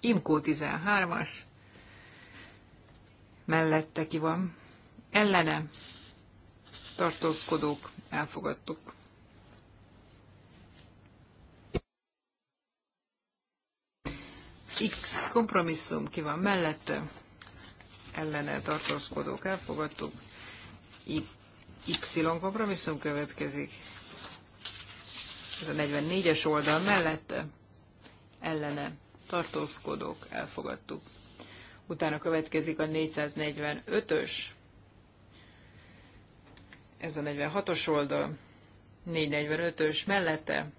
Imkó 13-as. Mellette ki van. Ellene. Tartózkodók. Elfogadtuk. X kompromisszum ki van mellette, ellene tartózkodók elfogadtuk, Y kompromisszum következik. Ez a 44-es oldal mellette ellene tartózkodók elfogadtuk. Utána következik a 445-ös, ez a 46-os oldal, 445-ös mellette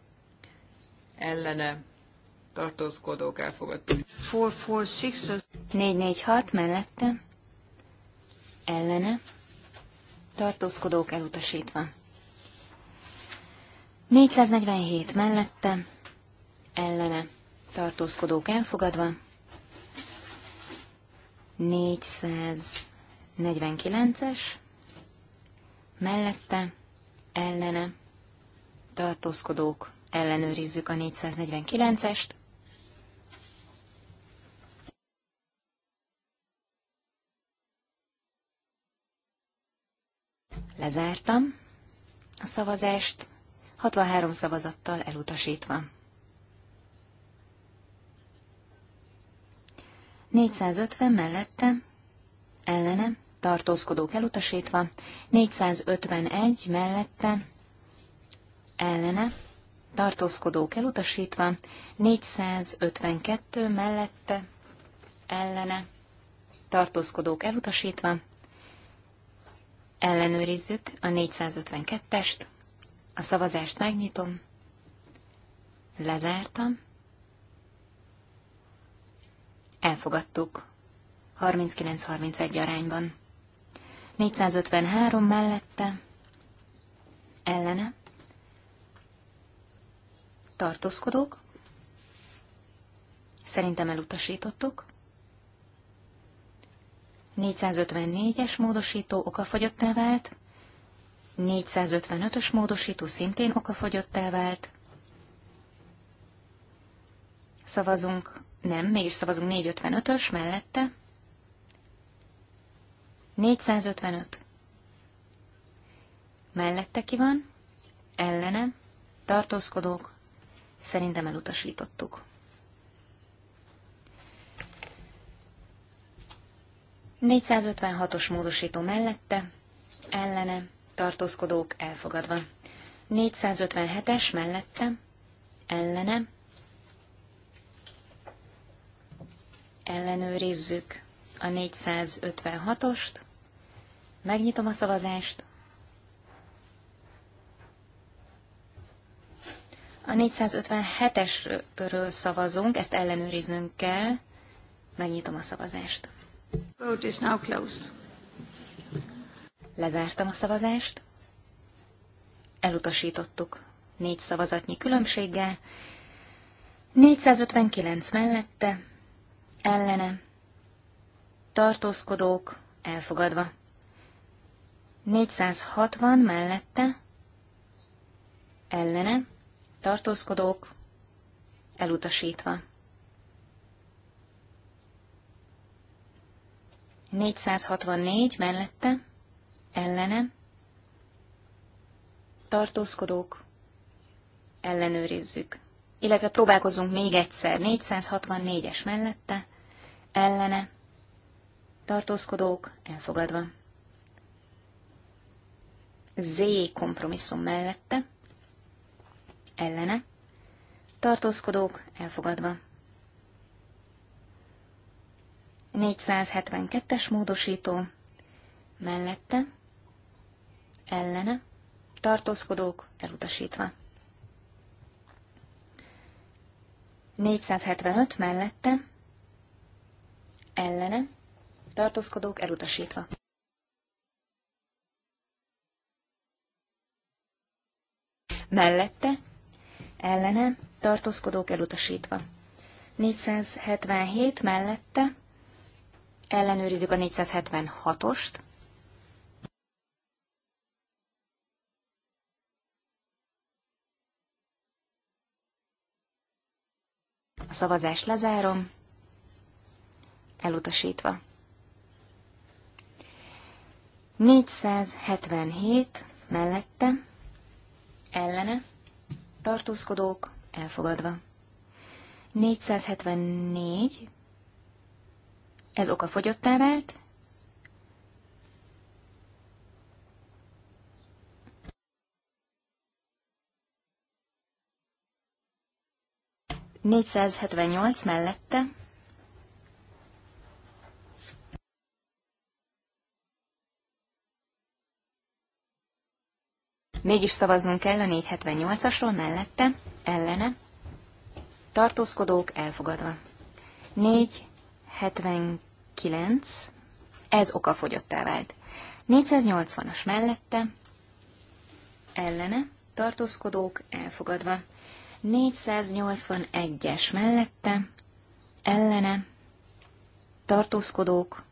ellene tartózkodók elfogadtuk. 446 mellette ellene tartózkodók elutasítva. 447 mellette, ellene, tartózkodók elfogadva. 449-es, mellette, ellene, tartózkodók, ellenőrizzük a 449-est. Lezártam a szavazást, 63 szavazattal elutasítva. 450 mellette, ellene, tartózkodók elutasítva, 451 mellette, ellene, tartózkodók elutasítva, 452 mellette, ellene, tartózkodók elutasítva, Ellenőrizzük a 452-est, a szavazást megnyitom, lezártam, elfogadtuk 39-31 arányban. 453 mellette, ellene, tartózkodók, szerintem elutasítottuk, 454-es módosító okafogyottá vált, 455-ös módosító szintén okafogyottá vált. Szavazunk, nem, mégis szavazunk 455-ös mellette. 455. Mellette ki van? Ellene? Tartózkodók? Szerintem elutasítottuk. 456-os módosító mellette, ellene, tartózkodók elfogadva. 457-es mellette, ellene, ellenőrizzük a 456-ost, megnyitom a szavazást, A 457-esről szavazunk, ezt ellenőriznünk kell. Megnyitom a szavazást. Vote is now closed. Lezártam a szavazást. Elutasítottuk négy szavazatnyi különbséggel. 459 mellette, ellene, tartózkodók elfogadva. 460 mellette, ellene, tartózkodók elutasítva. 464 mellette, ellene, tartózkodók, ellenőrizzük. Illetve próbálkozunk még egyszer, 464-es mellette, ellene, tartózkodók, elfogadva. Z kompromisszum mellette, ellene, tartózkodók, elfogadva. 472-es módosító mellette, ellene, tartózkodók elutasítva. 475 mellette, ellene, tartózkodók elutasítva. Mellette, ellene, tartózkodók elutasítva. 477 mellette, Ellenőrizzük a 476-ost. A szavazást lezárom. Elutasítva. 477 mellette, ellene, tartózkodók, elfogadva. 474 ez oka fogyottá vált. Négyszázhetvennyolc mellette. Mégis szavaznunk kell a 478-asról mellette, ellene. Tartózkodók elfogadva. 4, 79, ez okafogyottá vált. 480-as mellette, ellene, tartózkodók elfogadva. 481-es mellette, ellene, tartózkodók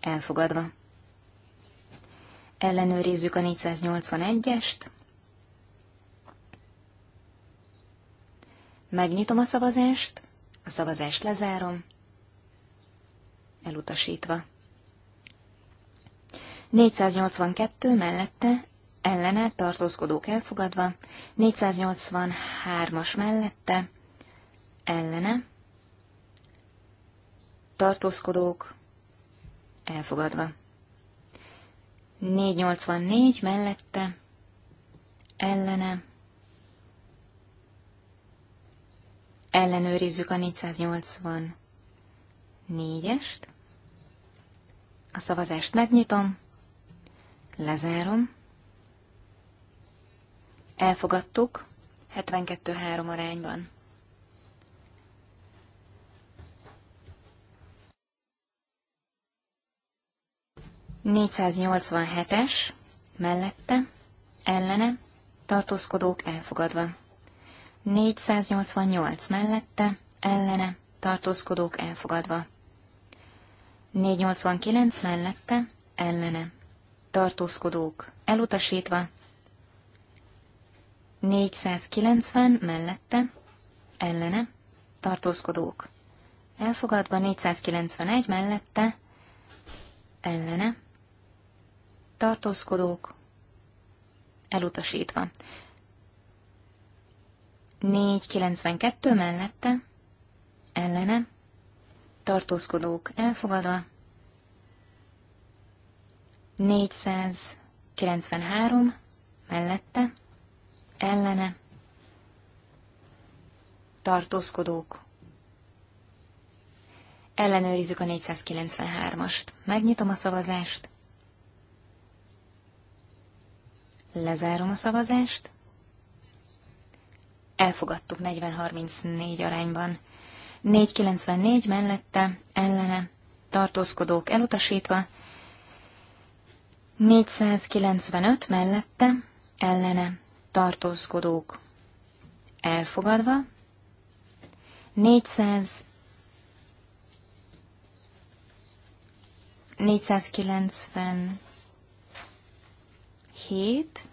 elfogadva. Ellenőrizzük a 481-est. Megnyitom a szavazást, a szavazást lezárom elutasítva. 482 mellette ellene tartózkodók elfogadva, 483-as mellette ellene tartózkodók elfogadva. 484 mellette ellene ellenőrizzük a 484-est. A szavazást megnyitom, lezárom. Elfogadtuk 72-3 arányban. es mellette, ellene, tartózkodók elfogadva. 488 mellette, ellene, tartózkodók elfogadva. 489 mellette, ellene. Tartózkodók elutasítva. 490 mellette, ellene. Tartózkodók elfogadva. 491 mellette, ellene. Tartózkodók elutasítva. 492 mellette, ellene tartózkodók elfogadva, 493 mellette, ellene, tartózkodók. Ellenőrizzük a 493-ast. Megnyitom a szavazást. Lezárom a szavazást. Elfogadtuk 40-34 arányban. 494 mellette ellene tartózkodók elutasítva, 495 mellette ellene tartózkodók elfogadva, 400 497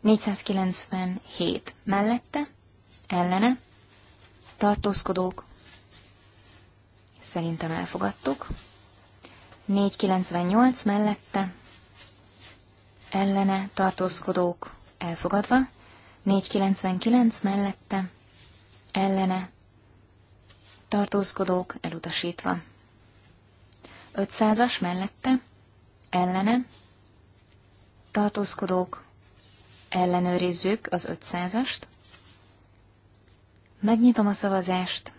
497 mellette ellene, tartózkodók, szerintem elfogadtuk, 498 mellette, ellene, tartózkodók, elfogadva, 499 mellette, ellene, tartózkodók, elutasítva. 500-as mellette, ellene, tartózkodók, ellenőrizzük az 500-ast, Megnyitom a szavazást.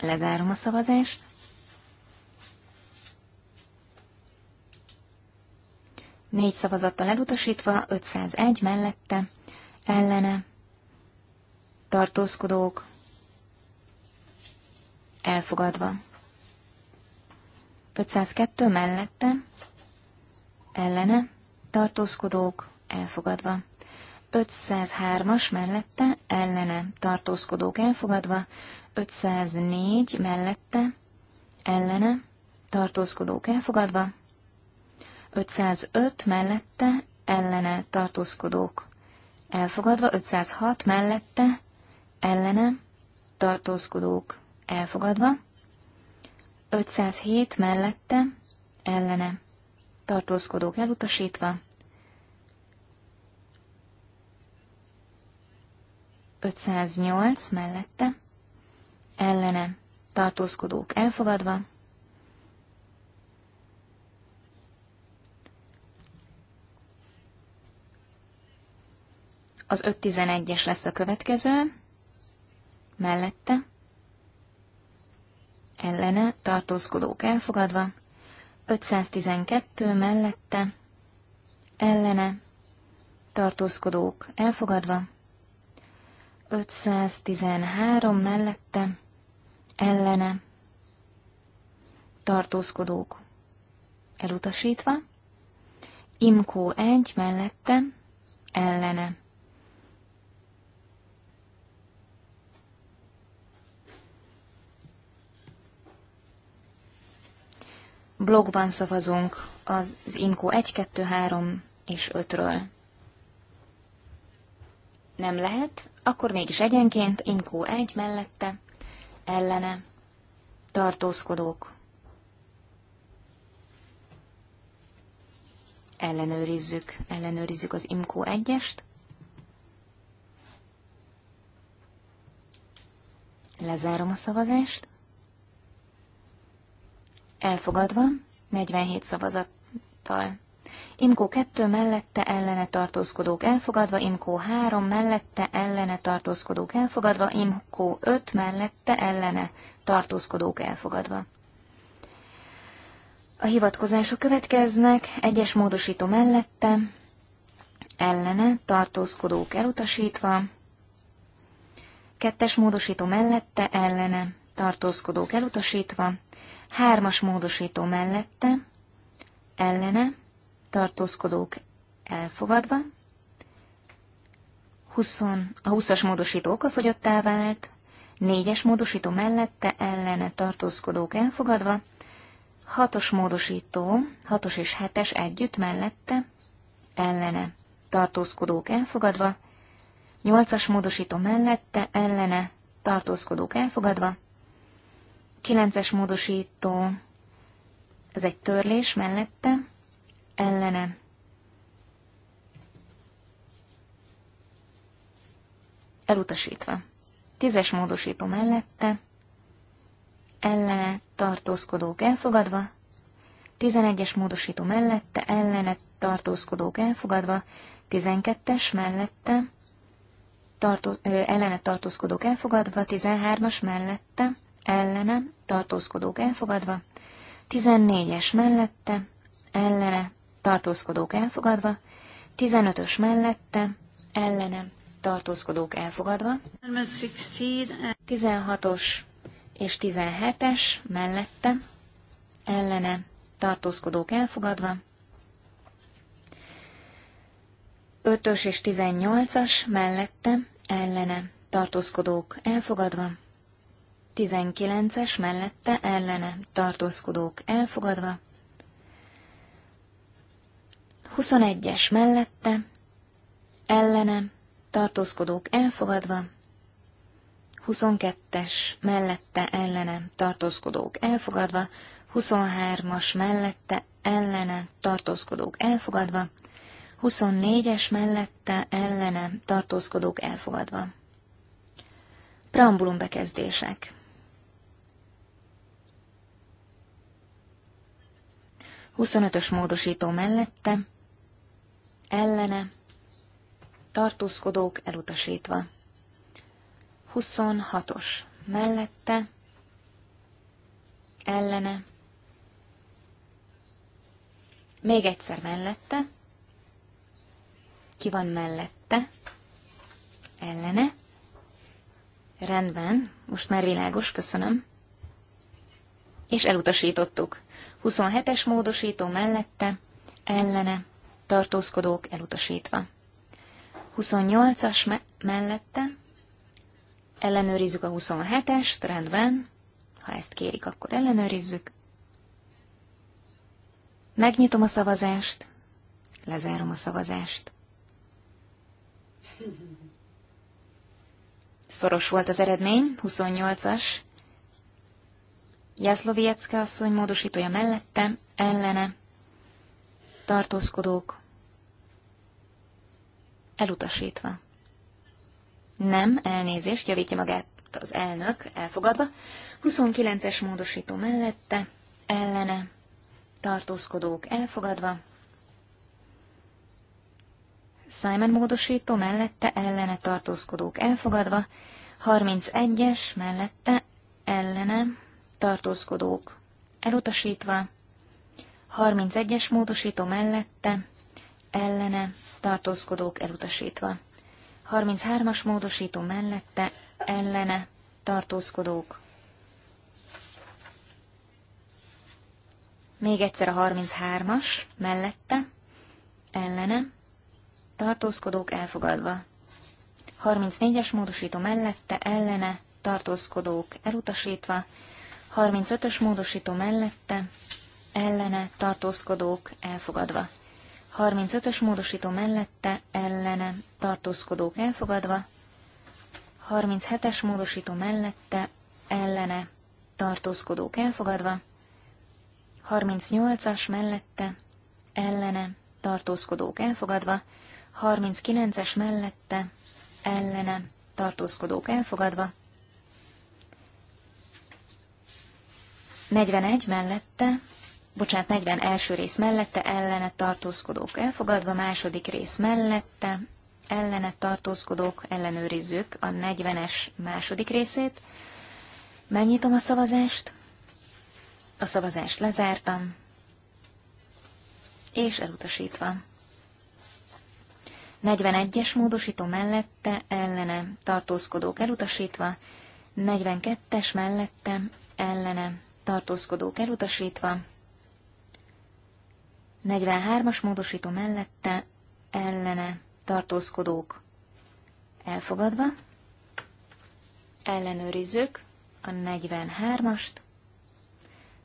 Lezárom a szavazást. Négy szavazattal elutasítva, 501 mellette, ellene, tartózkodók, elfogadva. 502 mellette, ellene, tartózkodók, elfogadva. 503-as mellette ellene tartózkodók elfogadva, 504 mellette ellene tartózkodók elfogadva, 505 mellette ellene tartózkodók elfogadva, 506 mellette ellene tartózkodók elfogadva, 507 mellette ellene tartózkodók elutasítva, 508 mellette, ellene tartózkodók elfogadva, az 511-es lesz a következő, mellette, ellene tartózkodók elfogadva, 512 mellette, ellene tartózkodók elfogadva, 513 mellette, ellene, tartózkodók elutasítva, Imkó 1 mellette, ellene. Blogban szavazunk az Imkó 1, 2, 3 és 5-ről. Nem lehet, akkor mégis egyenként, Imkó egy mellette, ellene, tartózkodók, ellenőrizzük, ellenőrizzük az Imkó egyest, lezárom a szavazást, elfogadva, 47 szavazattal Imkó 2 mellette ellene tartózkodók elfogadva, Imkó 3 mellette ellene tartózkodók elfogadva, Imkó 5 mellette ellene tartózkodók elfogadva. A hivatkozások következnek, egyes módosító mellette, ellene tartózkodók elutasítva, kettes módosító mellette, ellene tartózkodók elutasítva, hármas módosító mellette, ellene tartózkodók elfogadva, 20, a 20-as módosító okafogyottá vált, 4-es módosító mellette ellene tartózkodók elfogadva, 6-os módosító, 6-os és 7-es együtt mellette ellene tartózkodók elfogadva, 8-as módosító mellette ellene tartózkodók elfogadva, 9-es módosító, ez egy törlés mellette, ellene. Elutasítva. Tízes módosító mellette, ellene tartózkodók elfogadva, tizenegyes módosító mellette, ellene tartózkodók elfogadva, tizenkettes mellette, tartó, ö, ellene tartózkodók elfogadva, tizenhármas mellette, ellene tartózkodók elfogadva, tizennégyes mellette, ellene tartózkodók elfogadva, 15-ös mellette, ellene, tartózkodók elfogadva, 16-os és 17-es mellette, ellene, tartózkodók elfogadva, 5-ös és 18-as mellette, ellene, tartózkodók elfogadva, 19-es mellette, ellene, tartózkodók elfogadva, 21-es mellette, ellenem tartózkodók elfogadva, 22-es mellette, ellenem tartózkodók elfogadva, 23-as mellette, ellenem tartózkodók elfogadva, 24-es mellette, ellenem tartózkodók elfogadva. Preambulum bekezdések. Huszonötös módosító mellette, ellene, tartózkodók elutasítva. 26-os mellette, ellene, még egyszer mellette, ki van mellette, ellene, rendben, most már világos, köszönöm, és elutasítottuk. 27-es módosító mellette, ellene, tartózkodók elutasítva. 28-as me- mellette ellenőrizzük a 27-est, rendben, ha ezt kérik, akkor ellenőrizzük. Megnyitom a szavazást, lezárom a szavazást. Szoros volt az eredmény, 28-as. Jászlovietszke asszony módosítója mellette, ellene, tartózkodók, elutasítva. Nem, elnézést, javítja magát az elnök, elfogadva. 29-es módosító mellette, ellene, tartózkodók elfogadva. Simon módosító mellette, ellene, tartózkodók elfogadva. 31-es mellette, ellene, tartózkodók elutasítva. 31-es módosító mellette, ellene, tartózkodók elutasítva. 33-as módosító mellette, ellene, tartózkodók. Még egyszer a 33-as mellette, ellene, tartózkodók elfogadva. 34-es módosító mellette, ellene, tartózkodók elutasítva. 35-ös módosító mellette, ellene tartózkodók elfogadva. 35-ös módosító mellette ellene tartózkodók elfogadva. 37-es módosító mellette ellene tartózkodók elfogadva. 38-as mellette ellene tartózkodók elfogadva. 39-es mellette ellene tartózkodók elfogadva. 41 mellette bocsánat, 40 első rész mellette, ellene tartózkodók elfogadva, második rész mellette, ellene tartózkodók ellenőrizzük a 40-es második részét. Megnyitom a szavazást, a szavazást lezártam, és elutasítva. 41-es módosító mellette, ellene tartózkodók elutasítva, 42-es mellette, ellene tartózkodók elutasítva, 43-as módosító mellette ellene tartózkodók elfogadva. Ellenőrizzük a 43-ast.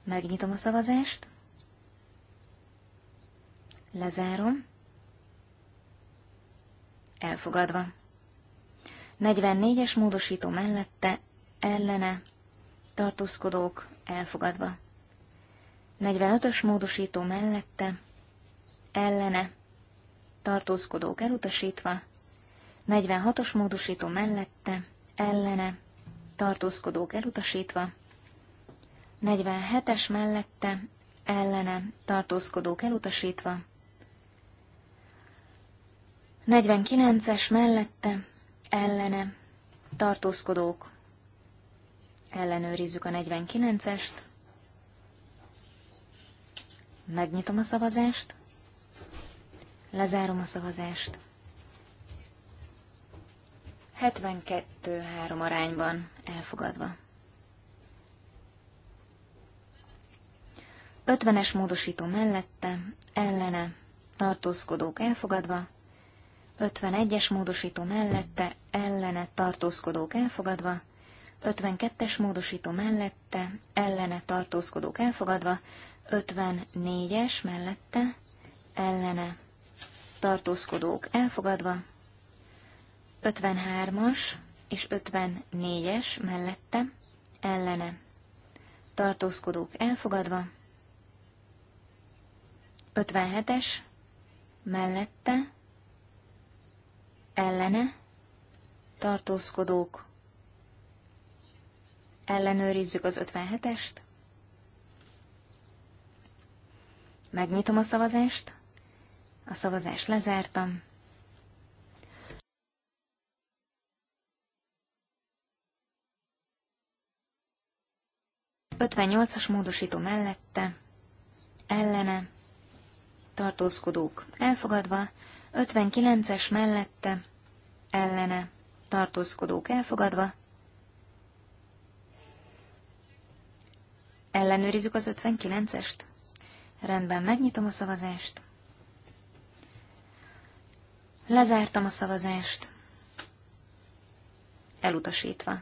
Megnyitom a szavazást. Lezárom. Elfogadva. 44-es módosító mellette ellene tartózkodók elfogadva. 45-ös módosító mellette ellene tartózkodók elutasítva, 46-os módosító mellette, ellene tartózkodók elutasítva, 47-es mellette, ellene tartózkodók elutasítva, 49-es mellette, ellene tartózkodók, ellenőrizzük a 49-est, megnyitom a szavazást, Lezárom a szavazást. 72-3 arányban elfogadva. 50-es módosító mellette, ellene, tartózkodók elfogadva, 51-es módosító mellette, ellene, tartózkodók elfogadva, 52-es módosító mellette, ellene, tartózkodók elfogadva, 54-es mellette, ellene, tartózkodók elfogadva, 53-as és 54-es mellette, ellene, tartózkodók elfogadva, 57-es mellette, ellene, tartózkodók, ellenőrizzük az 57-est, megnyitom a szavazást, a szavazást lezártam. Ötvennyolcas módosító mellette, ellene, tartózkodók elfogadva, 59-es mellette, ellene, tartózkodók elfogadva, Ellenőrizzük az 59-est? Rendben, megnyitom a szavazást. Lezártam a szavazást. Elutasítva.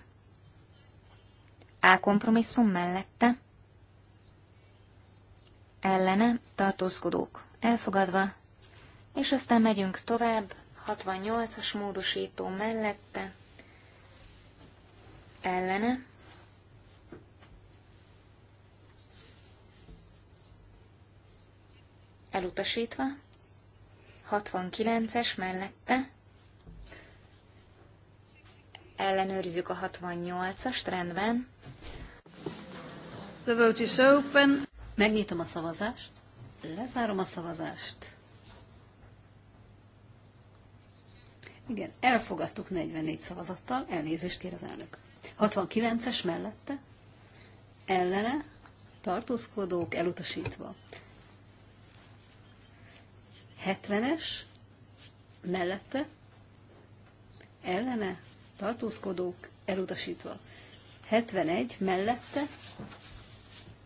A kompromisszum mellette. Ellene tartózkodók elfogadva. És aztán megyünk tovább. 68-as módosító mellette. Ellene elutasítva, 69-es mellette. Ellenőrizzük a 68-as rendben. The vote is open. Megnyitom a szavazást. Lezárom a szavazást. Igen, elfogadtuk 44 szavazattal, elnézést kér az elnök. 69-es mellette, ellene, tartózkodók elutasítva. 70-es mellette ellene tartózkodók elutasítva. 71 mellette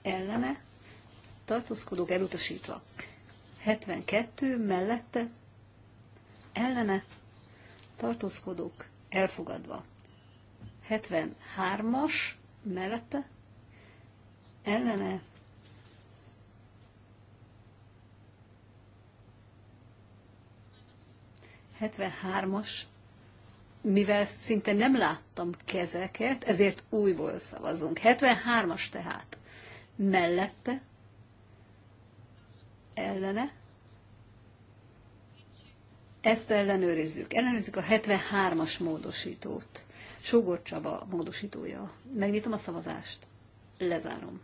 ellene tartózkodók elutasítva. 72 mellette ellene tartózkodók elfogadva. 73-as mellette ellene 73-as, mivel szinte nem láttam kezeket, ezért újból szavazunk. 73-as tehát. Mellette, ellene, ezt ellenőrizzük. Ellenőrizzük a 73-as módosítót. Sógor Csaba módosítója. Megnyitom a szavazást. Lezárom.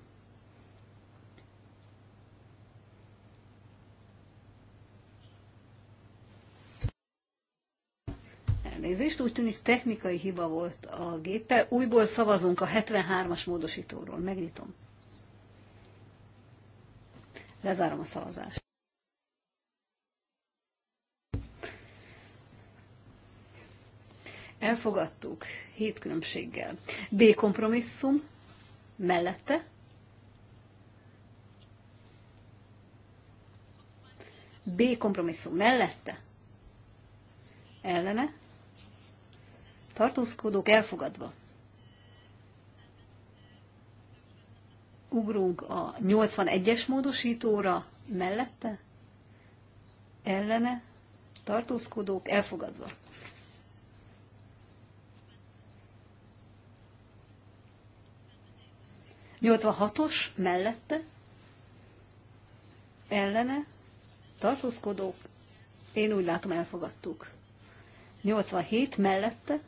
Elnézést, úgy tűnik technikai hiba volt a géppel. Újból szavazunk a 73-as módosítóról. Megnyitom. Lezárom a szavazást. Elfogadtuk, hét különbséggel. B kompromisszum, mellette. B kompromisszum, mellette. Ellene tartózkodók elfogadva. Ugrunk a 81-es módosítóra mellette, ellene, tartózkodók elfogadva. Nyolcvanhatos mellette, ellene, tartózkodók, én úgy látom elfogadtuk. 87 mellette,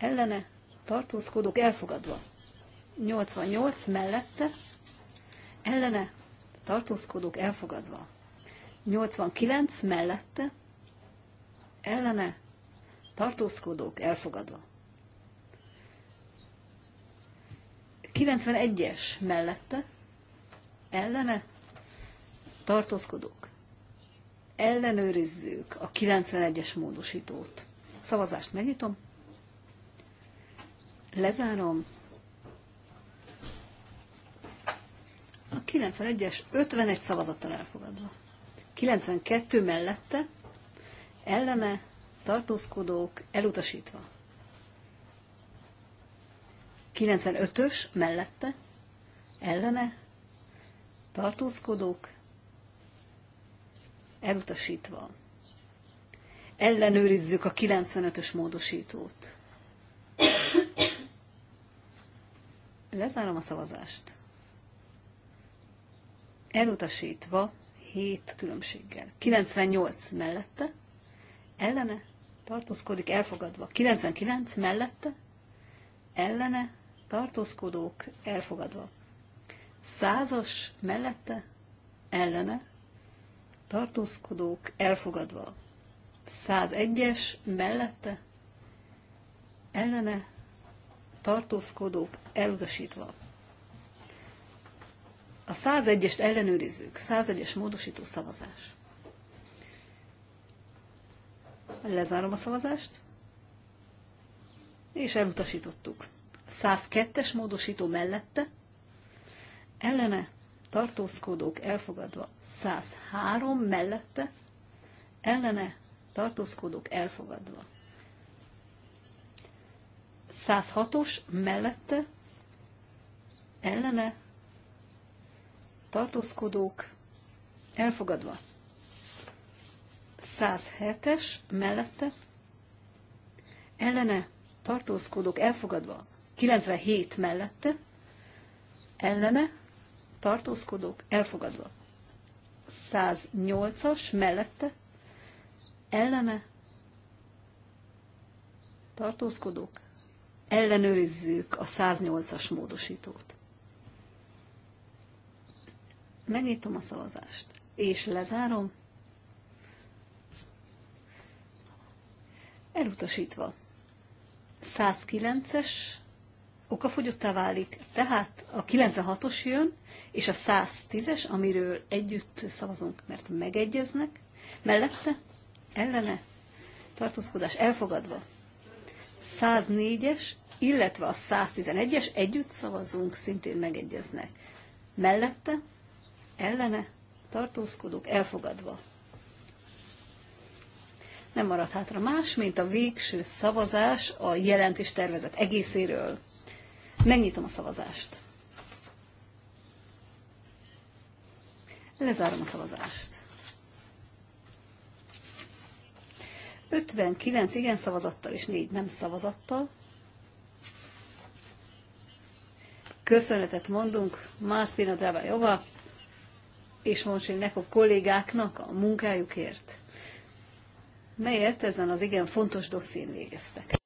ellene tartózkodók elfogadva. 88 mellette ellene tartózkodók elfogadva. 89 mellette ellene tartózkodók elfogadva. 91-es mellette ellene tartózkodók. Ellenőrizzük a 91-es módosítót. Szavazást megnyitom. Lezárom. A 91-es 51 szavazattal elfogadva. 92 mellette, elleme, tartózkodók, elutasítva. 95-ös mellette, elleme, tartózkodók, elutasítva. Ellenőrizzük a 95-ös módosítót. Lezárom a szavazást. Elutasítva 7 különbséggel. 98 mellette, ellene, tartózkodik, elfogadva. 99 mellette, ellene, tartózkodók, elfogadva. Százas mellette, ellene, tartózkodók, elfogadva. 101-es mellette, ellene, tartózkodók elutasítva. A 101-est ellenőrizzük. 101-es módosító szavazás. Lezárom a szavazást. És elutasítottuk. 102-es módosító mellette. Ellene tartózkodók elfogadva 103 mellette. Ellene tartózkodók elfogadva 106-os mellette ellene tartózkodók elfogadva. 107-es mellette ellene tartózkodók elfogadva. 97 mellette ellene tartózkodók elfogadva. 108-as mellette ellene tartózkodók ellenőrizzük a 108-as módosítót. Megnyitom a szavazást, és lezárom. Elutasítva. 109-es okafogyottá válik, tehát a 96-os jön, és a 110-es, amiről együtt szavazunk, mert megegyeznek, mellette, ellene, tartózkodás elfogadva. 104-es, illetve a 111-es együtt szavazunk, szintén megegyeznek. Mellette, ellene, tartózkodók elfogadva. Nem marad hátra más, mint a végső szavazás a jelentés tervezet egészéről. Megnyitom a szavazást. Lezárom a szavazást. 59 igen szavazattal és 4 nem szavazattal. Köszönetet mondunk Mártina Drábájova és Monsének a kollégáknak a munkájukért, melyet ezen az igen fontos dosszén végeztek.